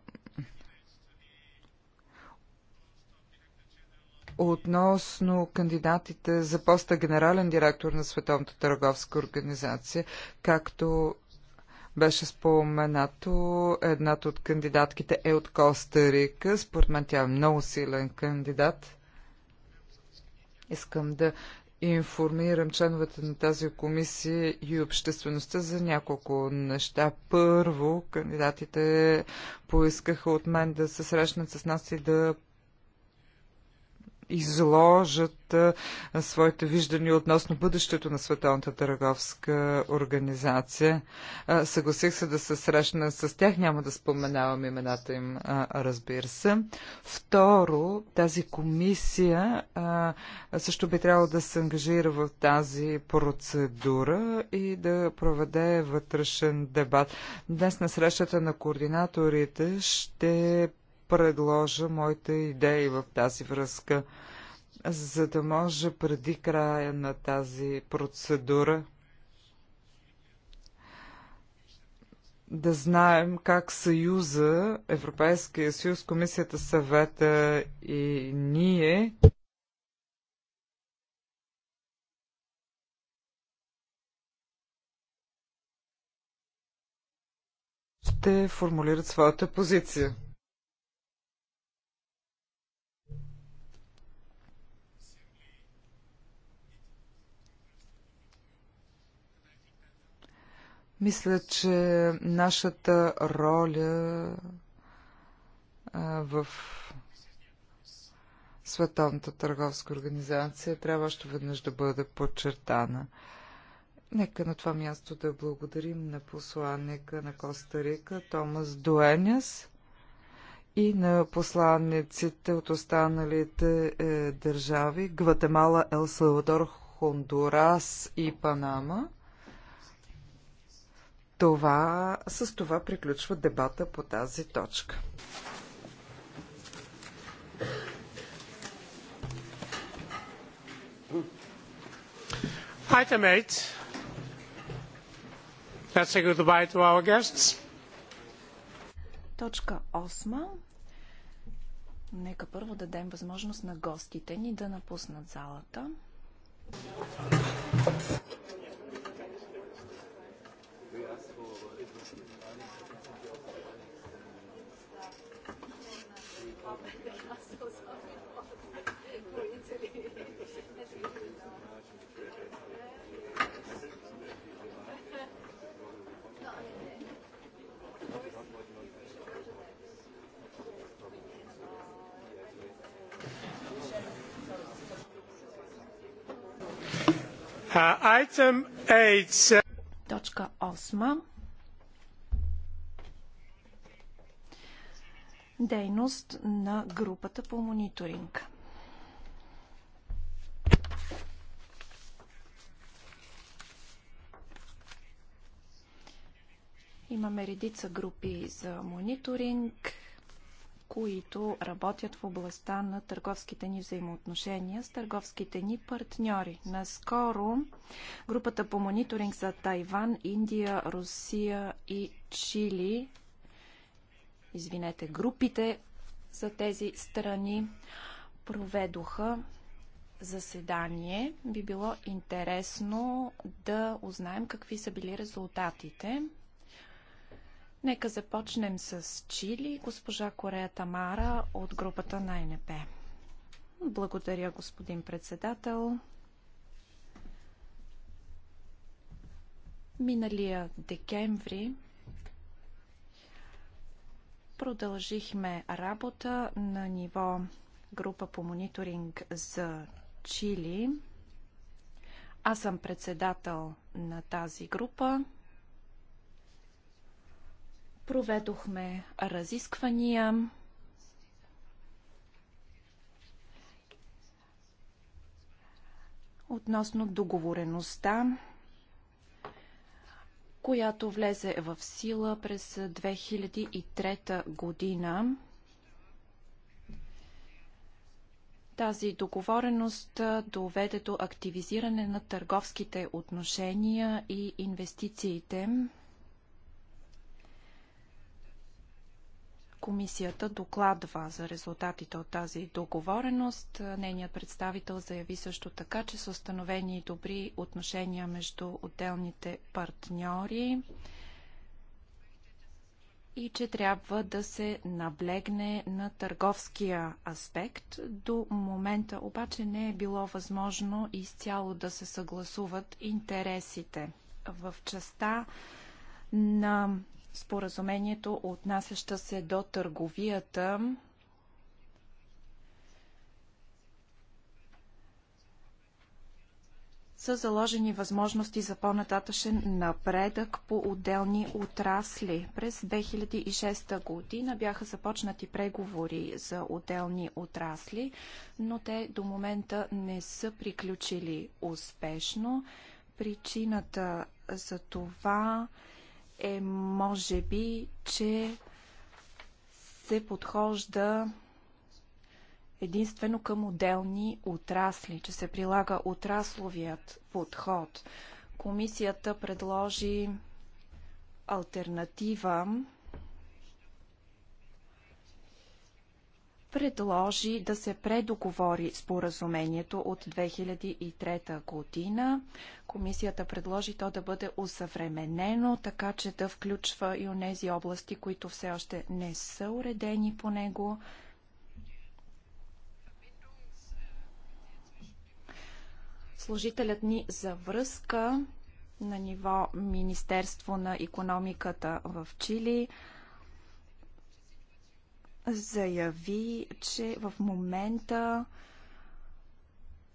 относно кандидатите за поста генерален директор на Световната търговска организация, както беше споменато, едната от кандидатките е от Коста Рика. Според мен тя е много силен кандидат. Искам да информирам членовете на тази комисия и обществеността за няколко неща. Първо, кандидатите поискаха от мен да се срещнат с нас и да изложат своите виждания относно бъдещето на Световната търговска организация. Съгласих се да се срещна с тях, няма да споменавам имената им, разбира се. Второ, тази комисия също би трябвало да се ангажира в тази процедура и да проведе вътрешен дебат. Днес на срещата на координаторите ще предложа моите идеи в тази връзка, за да може преди края на тази процедура да знаем как Съюза, Европейския съюз, Комисията, съвета и ние ще формулират своята позиция. Мисля, че нашата роля в Световната търговска организация трябва още веднъж да бъде подчертана. Нека на това място да благодарим на посланника на Коста Рика Томас Дуеняс и на посланниците от останалите е, държави Гватемала, Ел Салвадор, Хондурас и Панама. Това, с това приключва дебата по тази точка. Item 8. Let's say goodbye to our guests. Точка 8. Нека първо дадем възможност на гостите ни да напуснат залата. Uh, Точка 8. Дейност на групата по мониторинг. Имаме редица групи за мониторинг които работят в областта на търговските ни взаимоотношения с търговските ни партньори. Наскоро групата по мониторинг за Тайван, Индия, Русия и Чили, извинете, групите за тези страни проведоха заседание. Би било интересно да узнаем какви са били резултатите. Нека започнем с Чили. Госпожа Корея Тамара от групата на НП. Благодаря, господин председател. Миналия декември продължихме работа на ниво група по мониторинг за Чили. Аз съм председател на тази група. Проведохме разисквания. Относно договореността, която влезе в сила през 2003 година. Тази договореност доведе до активизиране на търговските отношения и инвестициите. Комисията докладва за резултатите от тази договореност. Нейният представител заяви също така, че са установени добри отношения между отделните партньори и че трябва да се наблегне на търговския аспект. До момента обаче не е било възможно изцяло да се съгласуват интересите. В частта на Споразумението, отнасяща се до търговията, са заложени възможности за по-нататъчен напредък по отделни отрасли. През 2006 година бяха започнати преговори за отделни отрасли, но те до момента не са приключили успешно. Причината за това е, е може би, че се подхожда единствено към отделни отрасли, че се прилага отрасловият подход. Комисията предложи альтернатива предложи да се предоговори споразумението от 2003 година. Комисията предложи то да бъде усъвременено, така че да включва и онези области, които все още не са уредени по него. Служителят ни за връзка на ниво Министерство на економиката в Чили – заяви, че в момента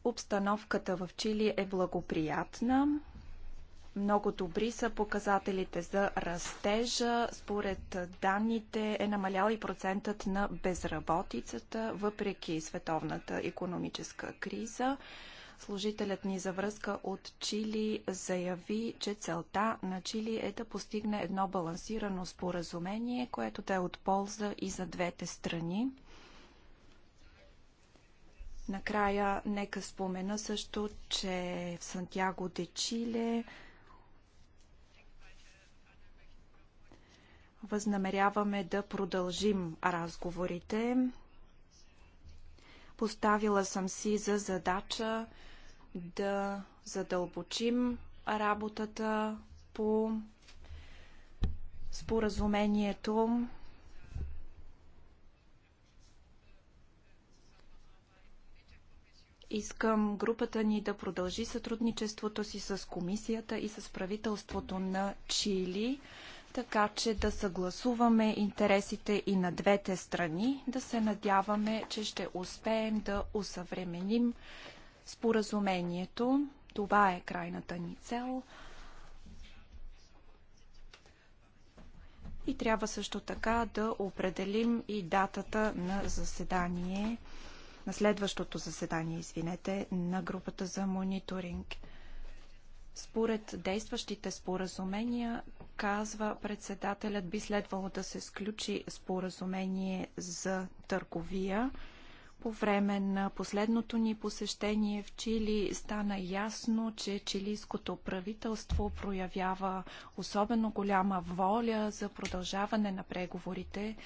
обстановката в Чили е благоприятна. Много добри са показателите за растежа. Според данните е намалял и процентът на безработицата, въпреки световната економическа криза. Служителят ни за връзка от Чили заяви, че целта на Чили е да постигне едно балансирано споразумение, което да е от полза и за двете страни. Накрая нека спомена също, че в Сантьяго де Чиле възнамеряваме да продължим разговорите. Поставила съм си за задача да задълбочим работата по споразумението Искам групата ни да продължи сътрудничеството си с комисията и с правителството на Чили така че да съгласуваме интересите и на двете страни, да се надяваме, че ще успеем да усъвременим споразумението. Това е крайната ни цел. И трябва също така да определим и датата на заседание, на следващото заседание, извинете, на групата за мониторинг. Според действащите споразумения, казва председателят, би следвало да се сключи споразумение за търговия. По време на последното ни посещение в Чили стана ясно, че чилийското правителство проявява особено голяма воля за продължаване на преговорите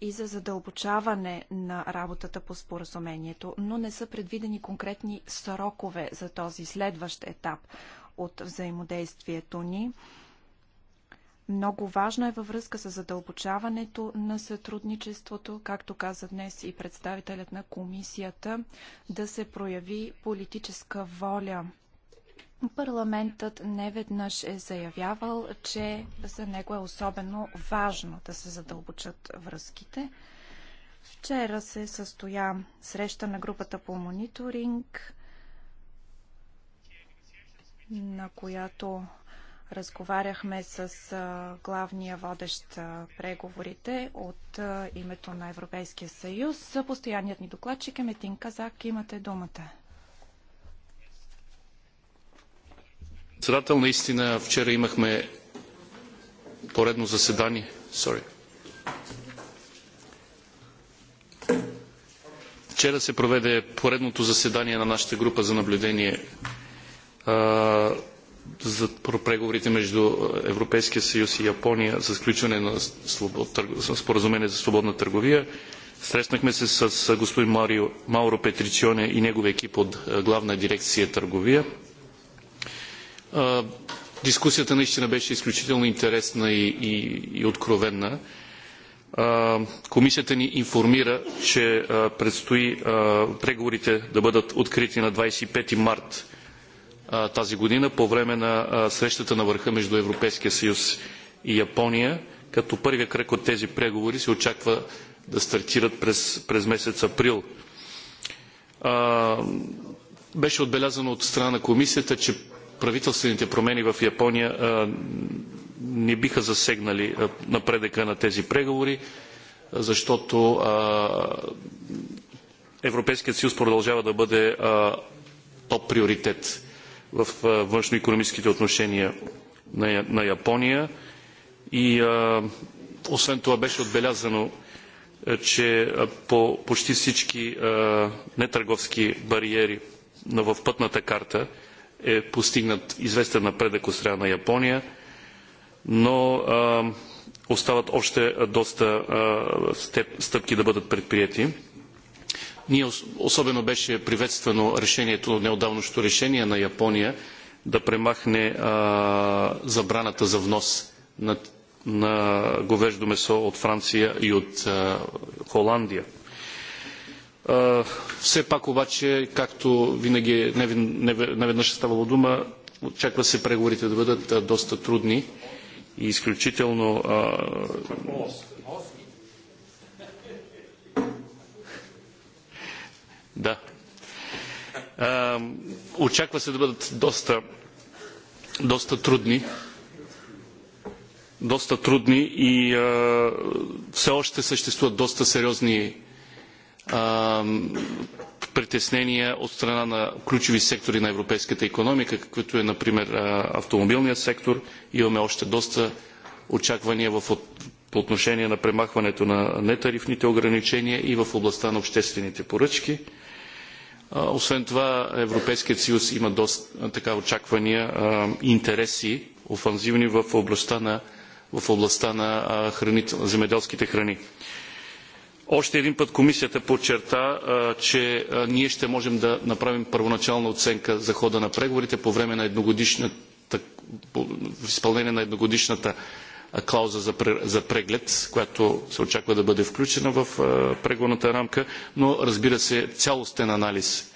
и за задълбочаване на работата по споразумението, но не са предвидени конкретни срокове за този следващ етап от взаимодействието ни много важно е във връзка с задълбочаването на сътрудничеството, както каза днес и представителят на комисията, да се прояви политическа воля. Парламентът неведнъж е заявявал, че за него е особено важно да се задълбочат връзките. Вчера се състоя среща на групата по мониторинг, на която Разговаряхме с главния водещ преговорите от името на Европейския съюз. Постоянният ни докладчик е Метин Казак. Имате думата. Председател, наистина вчера имахме поредно заседание. Sorry. Вчера се проведе поредното заседание на нашата група за наблюдение за преговорите между Европейския съюз и Япония за сключване на споразумение за свободна търговия. Срещнахме се с господин Марио, Мауро Петриционе и негови екип от главна дирекция търговия. Дискусията наистина беше изключително интересна и, и, и откровенна. Комисията ни информира, че предстои преговорите да бъдат открити на 25 март тази година по време на срещата на върха между Европейския съюз и Япония, като първият кръг от тези преговори се очаква да стартират през, през месец април. А, беше отбелязано от страна на комисията, че правителствените промени в Япония а, не биха засегнали напредъка на тези преговори, защото а, Европейският съюз продължава да бъде топ приоритет в външно-економическите отношения на, на Япония. И а, освен това беше отбелязано, че по почти всички а, нетърговски бариери в пътната карта е постигнат известен напредък от страна на Япония, но а, остават още доста степ, стъпки да бъдат предприяти ние особено беше приветствано решението, неодавнощо решение на Япония да премахне а, забраната за внос на, на говеждо месо от Франция и от а, Холандия. А, все пак обаче, както винаги неведнъж е ставало дума, очаква се преговорите да бъдат доста трудни и изключително Да. Очаква се да бъдат доста, доста трудни доста трудни и а, все още съществуват доста сериозни а, притеснения от страна на ключови сектори на европейската економика, каквито е, например, автомобилният сектор. Имаме още доста очаквания в, по отношение на премахването на нетарифните ограничения и в областта на обществените поръчки. Освен това, Европейският съюз има доста така очаквания и интереси офанзивни в областта на, в областта на земеделските храни. Още един път комисията подчерта, че ние ще можем да направим първоначална оценка за хода на преговорите по време на едногодишната в изпълнение на едногодишната клауза за преглед, която се очаква да бъде включена в преговорната рамка, но разбира се, цялостен анализ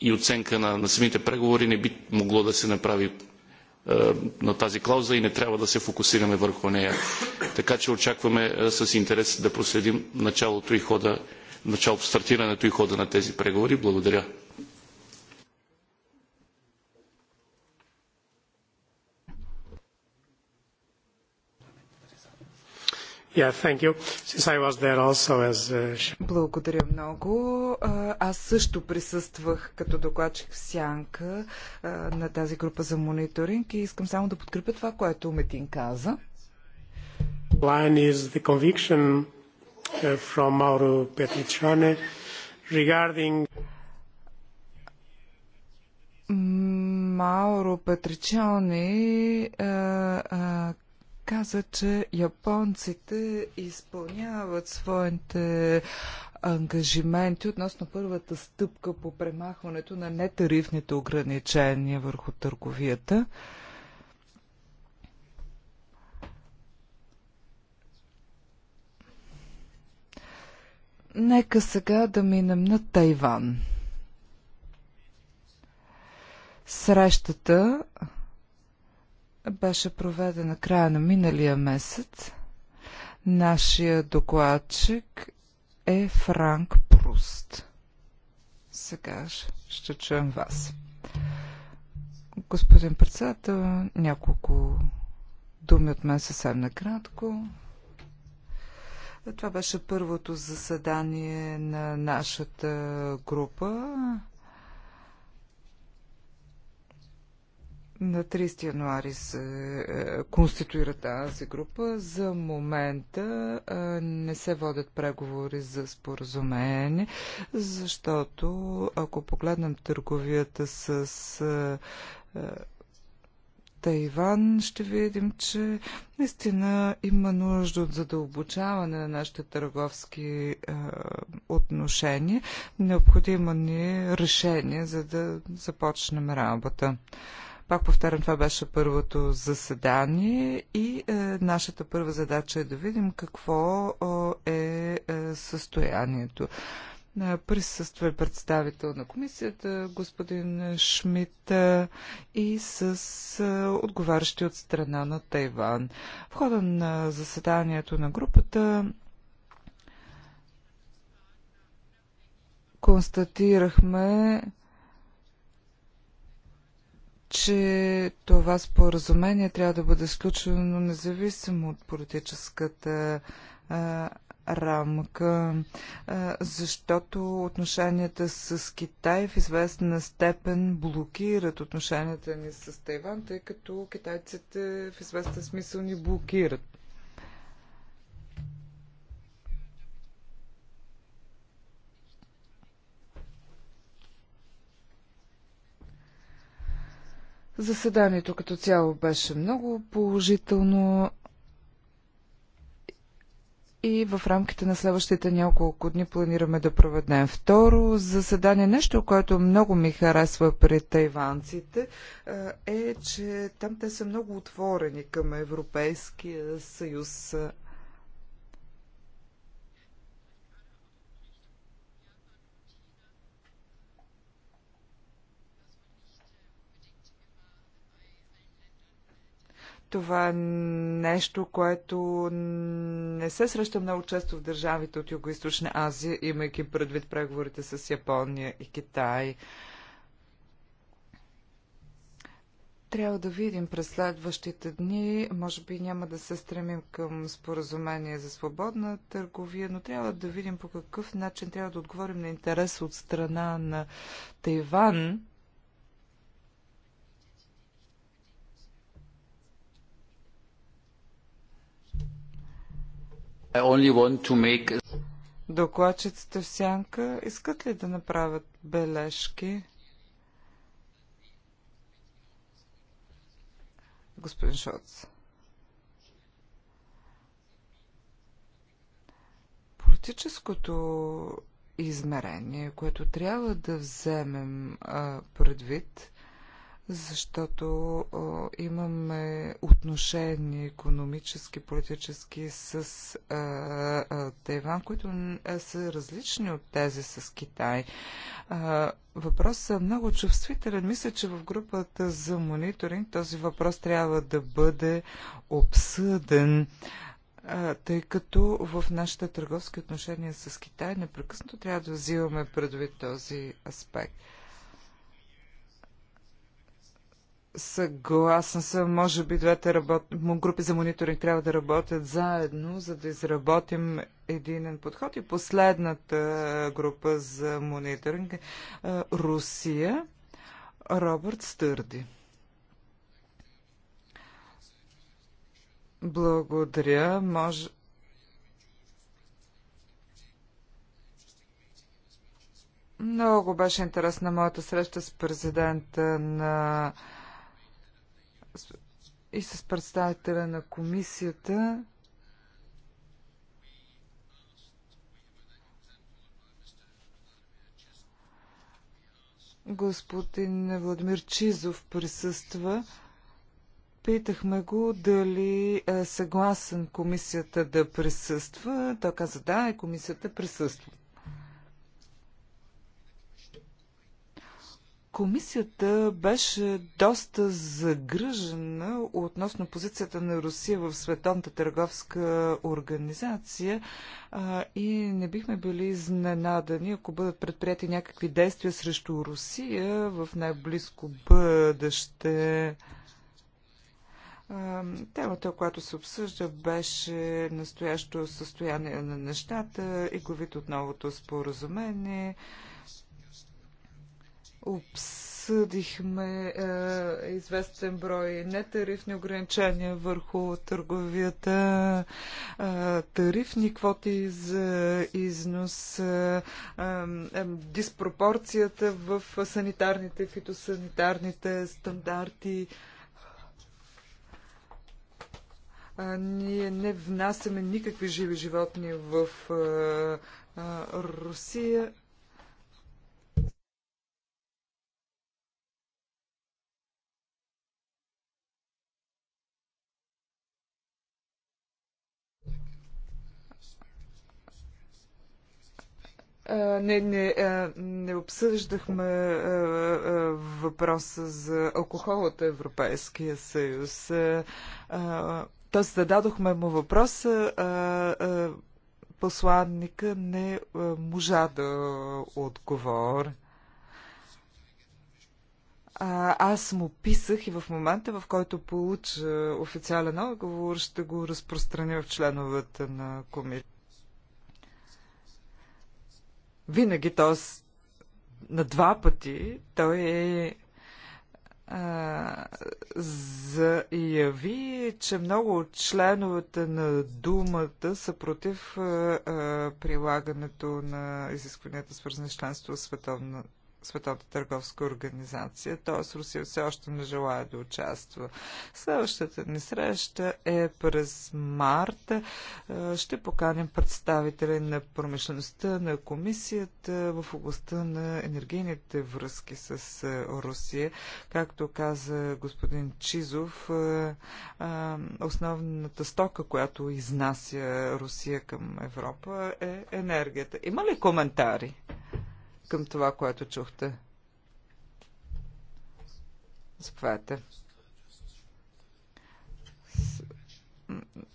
и оценка на, на самите преговори не би могло да се направи на тази клауза и не трябва да се фокусираме върху нея. Така че очакваме с интерес да проследим началото и хода, началото, стартирането и хода на тези преговори. Благодаря. Yeah, uh, Благодаря много. Аз също присъствах като докладчик в Сянка на тази група за мониторинг и искам само да подкрепя това, което Метин каза. Line is the conviction uh, from Mauro Petriccione regarding Мауро Петричони каза, че японците изпълняват своите ангажименти относно първата стъпка по премахването на нетарифните ограничения върху търговията. Нека сега да минем на Тайван. Срещата беше проведена края на миналия месец. Нашия докладчик е Франк Пруст. Сега ще чуем вас. Господин председател, няколко думи от мен съвсем накратко. Това беше първото заседание на нашата група. На 30 януари се е, конституира тази група. За момента е, не се водят преговори за споразумение, защото ако погледнем търговията с е, Тайван, ще видим, че наистина има нужда от задълбочаване на нашите търговски е, отношения. Необходимо ни е решение, за да започнем работа. Пак повтарям, това беше първото заседание и е, нашата първа задача е да видим какво е, е, е състоянието. Е, присъства представител на комисията, господин Шмидт е, и с отговарящи от страна на Тайван. В хода на заседанието на групата констатирахме, че това споразумение трябва да бъде сключено независимо от политическата а, рамка, а, защото отношенията с Китай в известна степен блокират отношенията ни с Тайван, тъй като китайците в известен смисъл ни блокират. Заседанието като цяло беше много положително и в рамките на следващите няколко дни планираме да проведем второ заседание. Нещо, което много ми харесва при тайванците е, че там те са много отворени към Европейския съюз. Това е нещо, което не се среща много често в държавите от юго Азия, имайки предвид преговорите с Япония и Китай. Трябва да видим през следващите дни. Може би няма да се стремим към споразумение за свободна търговия, но трябва да видим по какъв начин трябва да отговорим на интерес от страна на Тайван Make... Докладчиците в сянка искат ли да направят бележки? Господин Шоц. Политическото измерение, което трябва да вземем а, предвид, защото имаме отношения економически, политически с а, а, Тайван, които са различни от тези с Китай. А, въпросът е много чувствителен. Мисля, че в групата за мониторинг този въпрос трябва да бъде обсъден тъй като в нашите търговски отношения с Китай непрекъснато трябва да взимаме предвид този аспект. Съгласна съм. Може би двете работ... групи за мониторинг трябва да работят заедно, за да изработим единен подход. И последната група за мониторинг е, Русия. Робърт Стърди. Благодаря. Може... Много беше интересна моята среща с президента на и с представителя на комисията. Господин Владимир Чизов присъства. Питахме го дали е съгласен комисията да присъства. Той каза да и комисията присъства. Комисията беше доста загръжена относно позицията на Русия в Световната търговска организация а, и не бихме били изненадани, ако бъдат предприяти някакви действия срещу Русия в най-близко бъдеще. Темата, която се обсъжда, беше настоящо състояние на нещата и главите от новото споразумение обсъдихме е, известен брой нетарифни ограничения върху търговията, е, тарифни квоти за износ, е, е, диспропорцията в санитарните, фитосанитарните стандарти. Е, ние не внасяме никакви живи животни в е, е, Русия. не, не, не обсъждахме въпроса за алкохол от Европейския съюз. Тоест зададохме му въпроса, посланника не можа да отговори. А, аз му писах и в момента, в който получа официален отговор, ще го разпространя в членовете на комитета. Винаги, т.е. на два пъти, той е заяви, че много от членовете на Думата са против а, прилагането на изискванията, свързани с членство в, световна, Световната търговска организация, т.е. Русия все още не желая да участва. Следващата ни среща е през март. Е, ще поканим представители на промишлеността на комисията в областта на енергийните връзки с е, Русия. Както каза господин Чизов, е, основната стока, която изнася Русия към Европа е енергията. Има ли коментари? към това, което чухте. Заповядайте.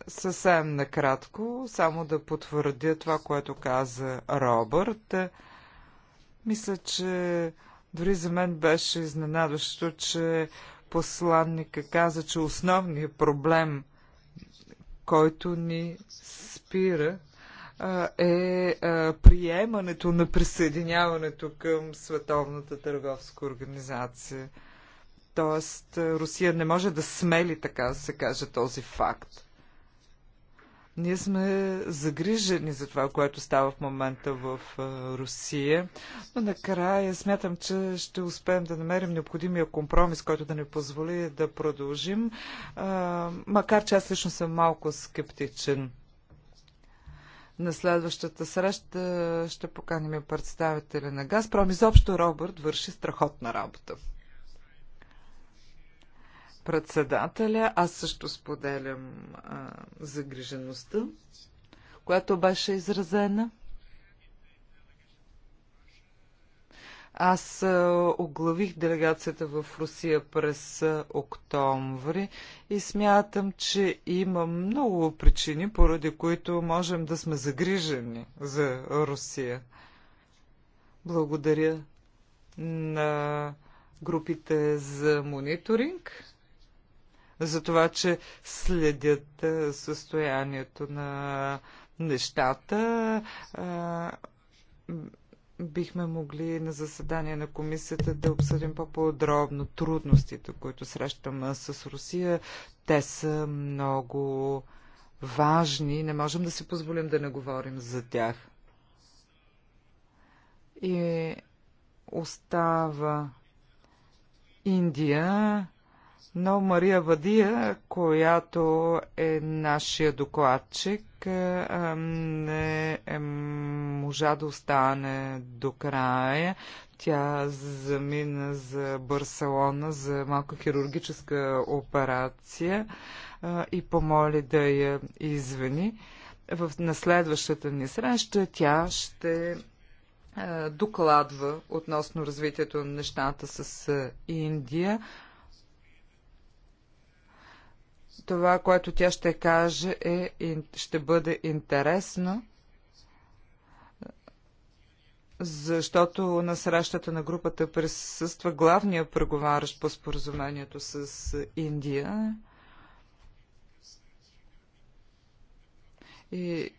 Съвсем накратко, само да потвърдя това, което каза Робърт. Мисля, че дори за мен беше изненадващо, че посланника каза, че основният проблем, който ни спира е приемането на присъединяването към Световната търговска организация. Тоест, Русия не може да смели, така да се каже, този факт. Ние сме загрижени за това, което става в момента в Русия, но накрая смятам, че ще успеем да намерим необходимия компромис, който да ни позволи да продължим, макар че аз лично съм малко скептичен. На следващата среща ще поканим представителя на Газпром. Изобщо Робърт върши страхотна работа. Председателя, аз също споделям а, загрижеността, която беше изразена. Аз оглавих делегацията в Русия през октомври и смятам, че има много причини, поради които можем да сме загрижени за Русия. Благодаря на групите за мониторинг, за това, че следят състоянието на нещата бихме могли на заседание на комисията да обсъдим по-подробно трудностите, които срещам с Русия. Те са много важни. Не можем да си позволим да не говорим за тях. И остава Индия но Мария Вадия, която е нашия докладчик, е, не е можа да остане до края. Тя замина за Барселона за малко хирургическа операция е, и помоли да я извини. В, на следващата ни среща тя ще е, докладва относно развитието на нещата с Индия. Това, което тя ще каже, е, ще бъде интересно, защото на срещата на групата присъства главния преговарящ по споразумението с Индия. И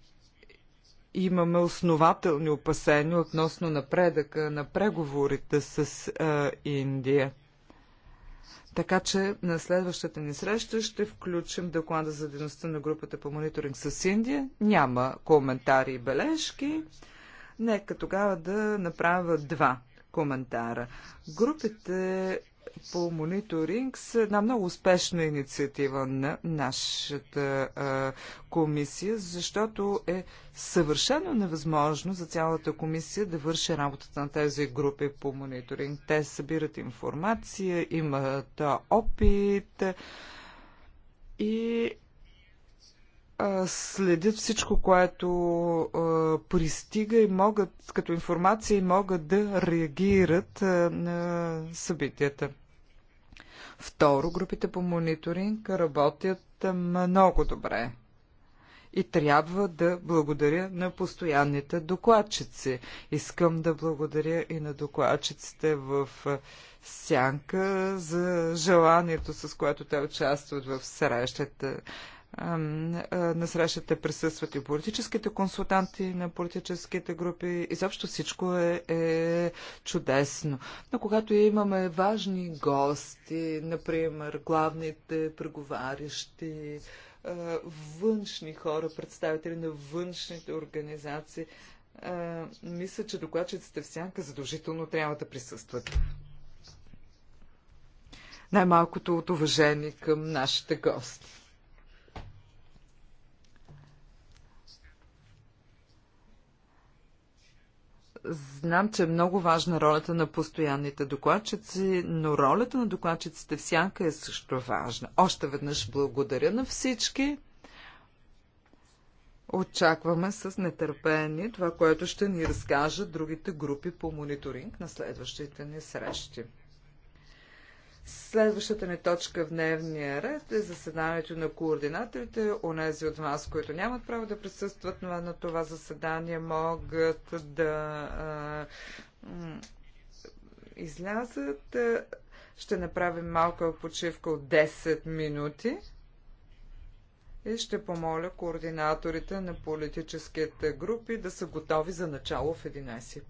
имаме основателни опасения относно напредъка на преговорите с а, Индия. Така че на следващата ни среща ще включим доклада за дейността на групата по мониторинг с Индия. Няма коментари и бележки. Нека тогава да направя два коментара. Групите по мониторинг са една много успешна инициатива на нашата а, комисия, защото е съвършено невъзможно за цялата комисия да върши работата на тези групи по мониторинг. Те събират информация, имат опит и следят всичко, което а, пристига и могат, като информация, и могат да реагират а, на събитията. Второ, групите по мониторинг работят много добре. И трябва да благодаря на постоянните докладчици. Искам да благодаря и на докладчиците в Сянка за желанието, с което те участват в срещата на срещата присъстват и политическите консултанти на политическите групи. Изобщо всичко е, е чудесно. Но когато имаме важни гости, например главните преговарящи, външни хора, представители на външните организации, мисля, че докладчиците в сянка задължително трябва да присъстват най-малкото от уважение към нашите гости. Знам, че е много важна ролята на постоянните докладчици, но ролята на докладчиците всяка е също важна. Още веднъж благодаря на всички. Очакваме с нетърпение това, което ще ни разкажат другите групи по мониторинг на следващите ни срещи. Следващата ни точка в дневния ред е заседанието на координаторите. Онези от вас, които нямат право да присъстват на, на това заседание, могат да а, излязат. Ще направим малка почивка от 10 минути и ще помоля координаторите на политическите групи да са готови за начало в 11.30.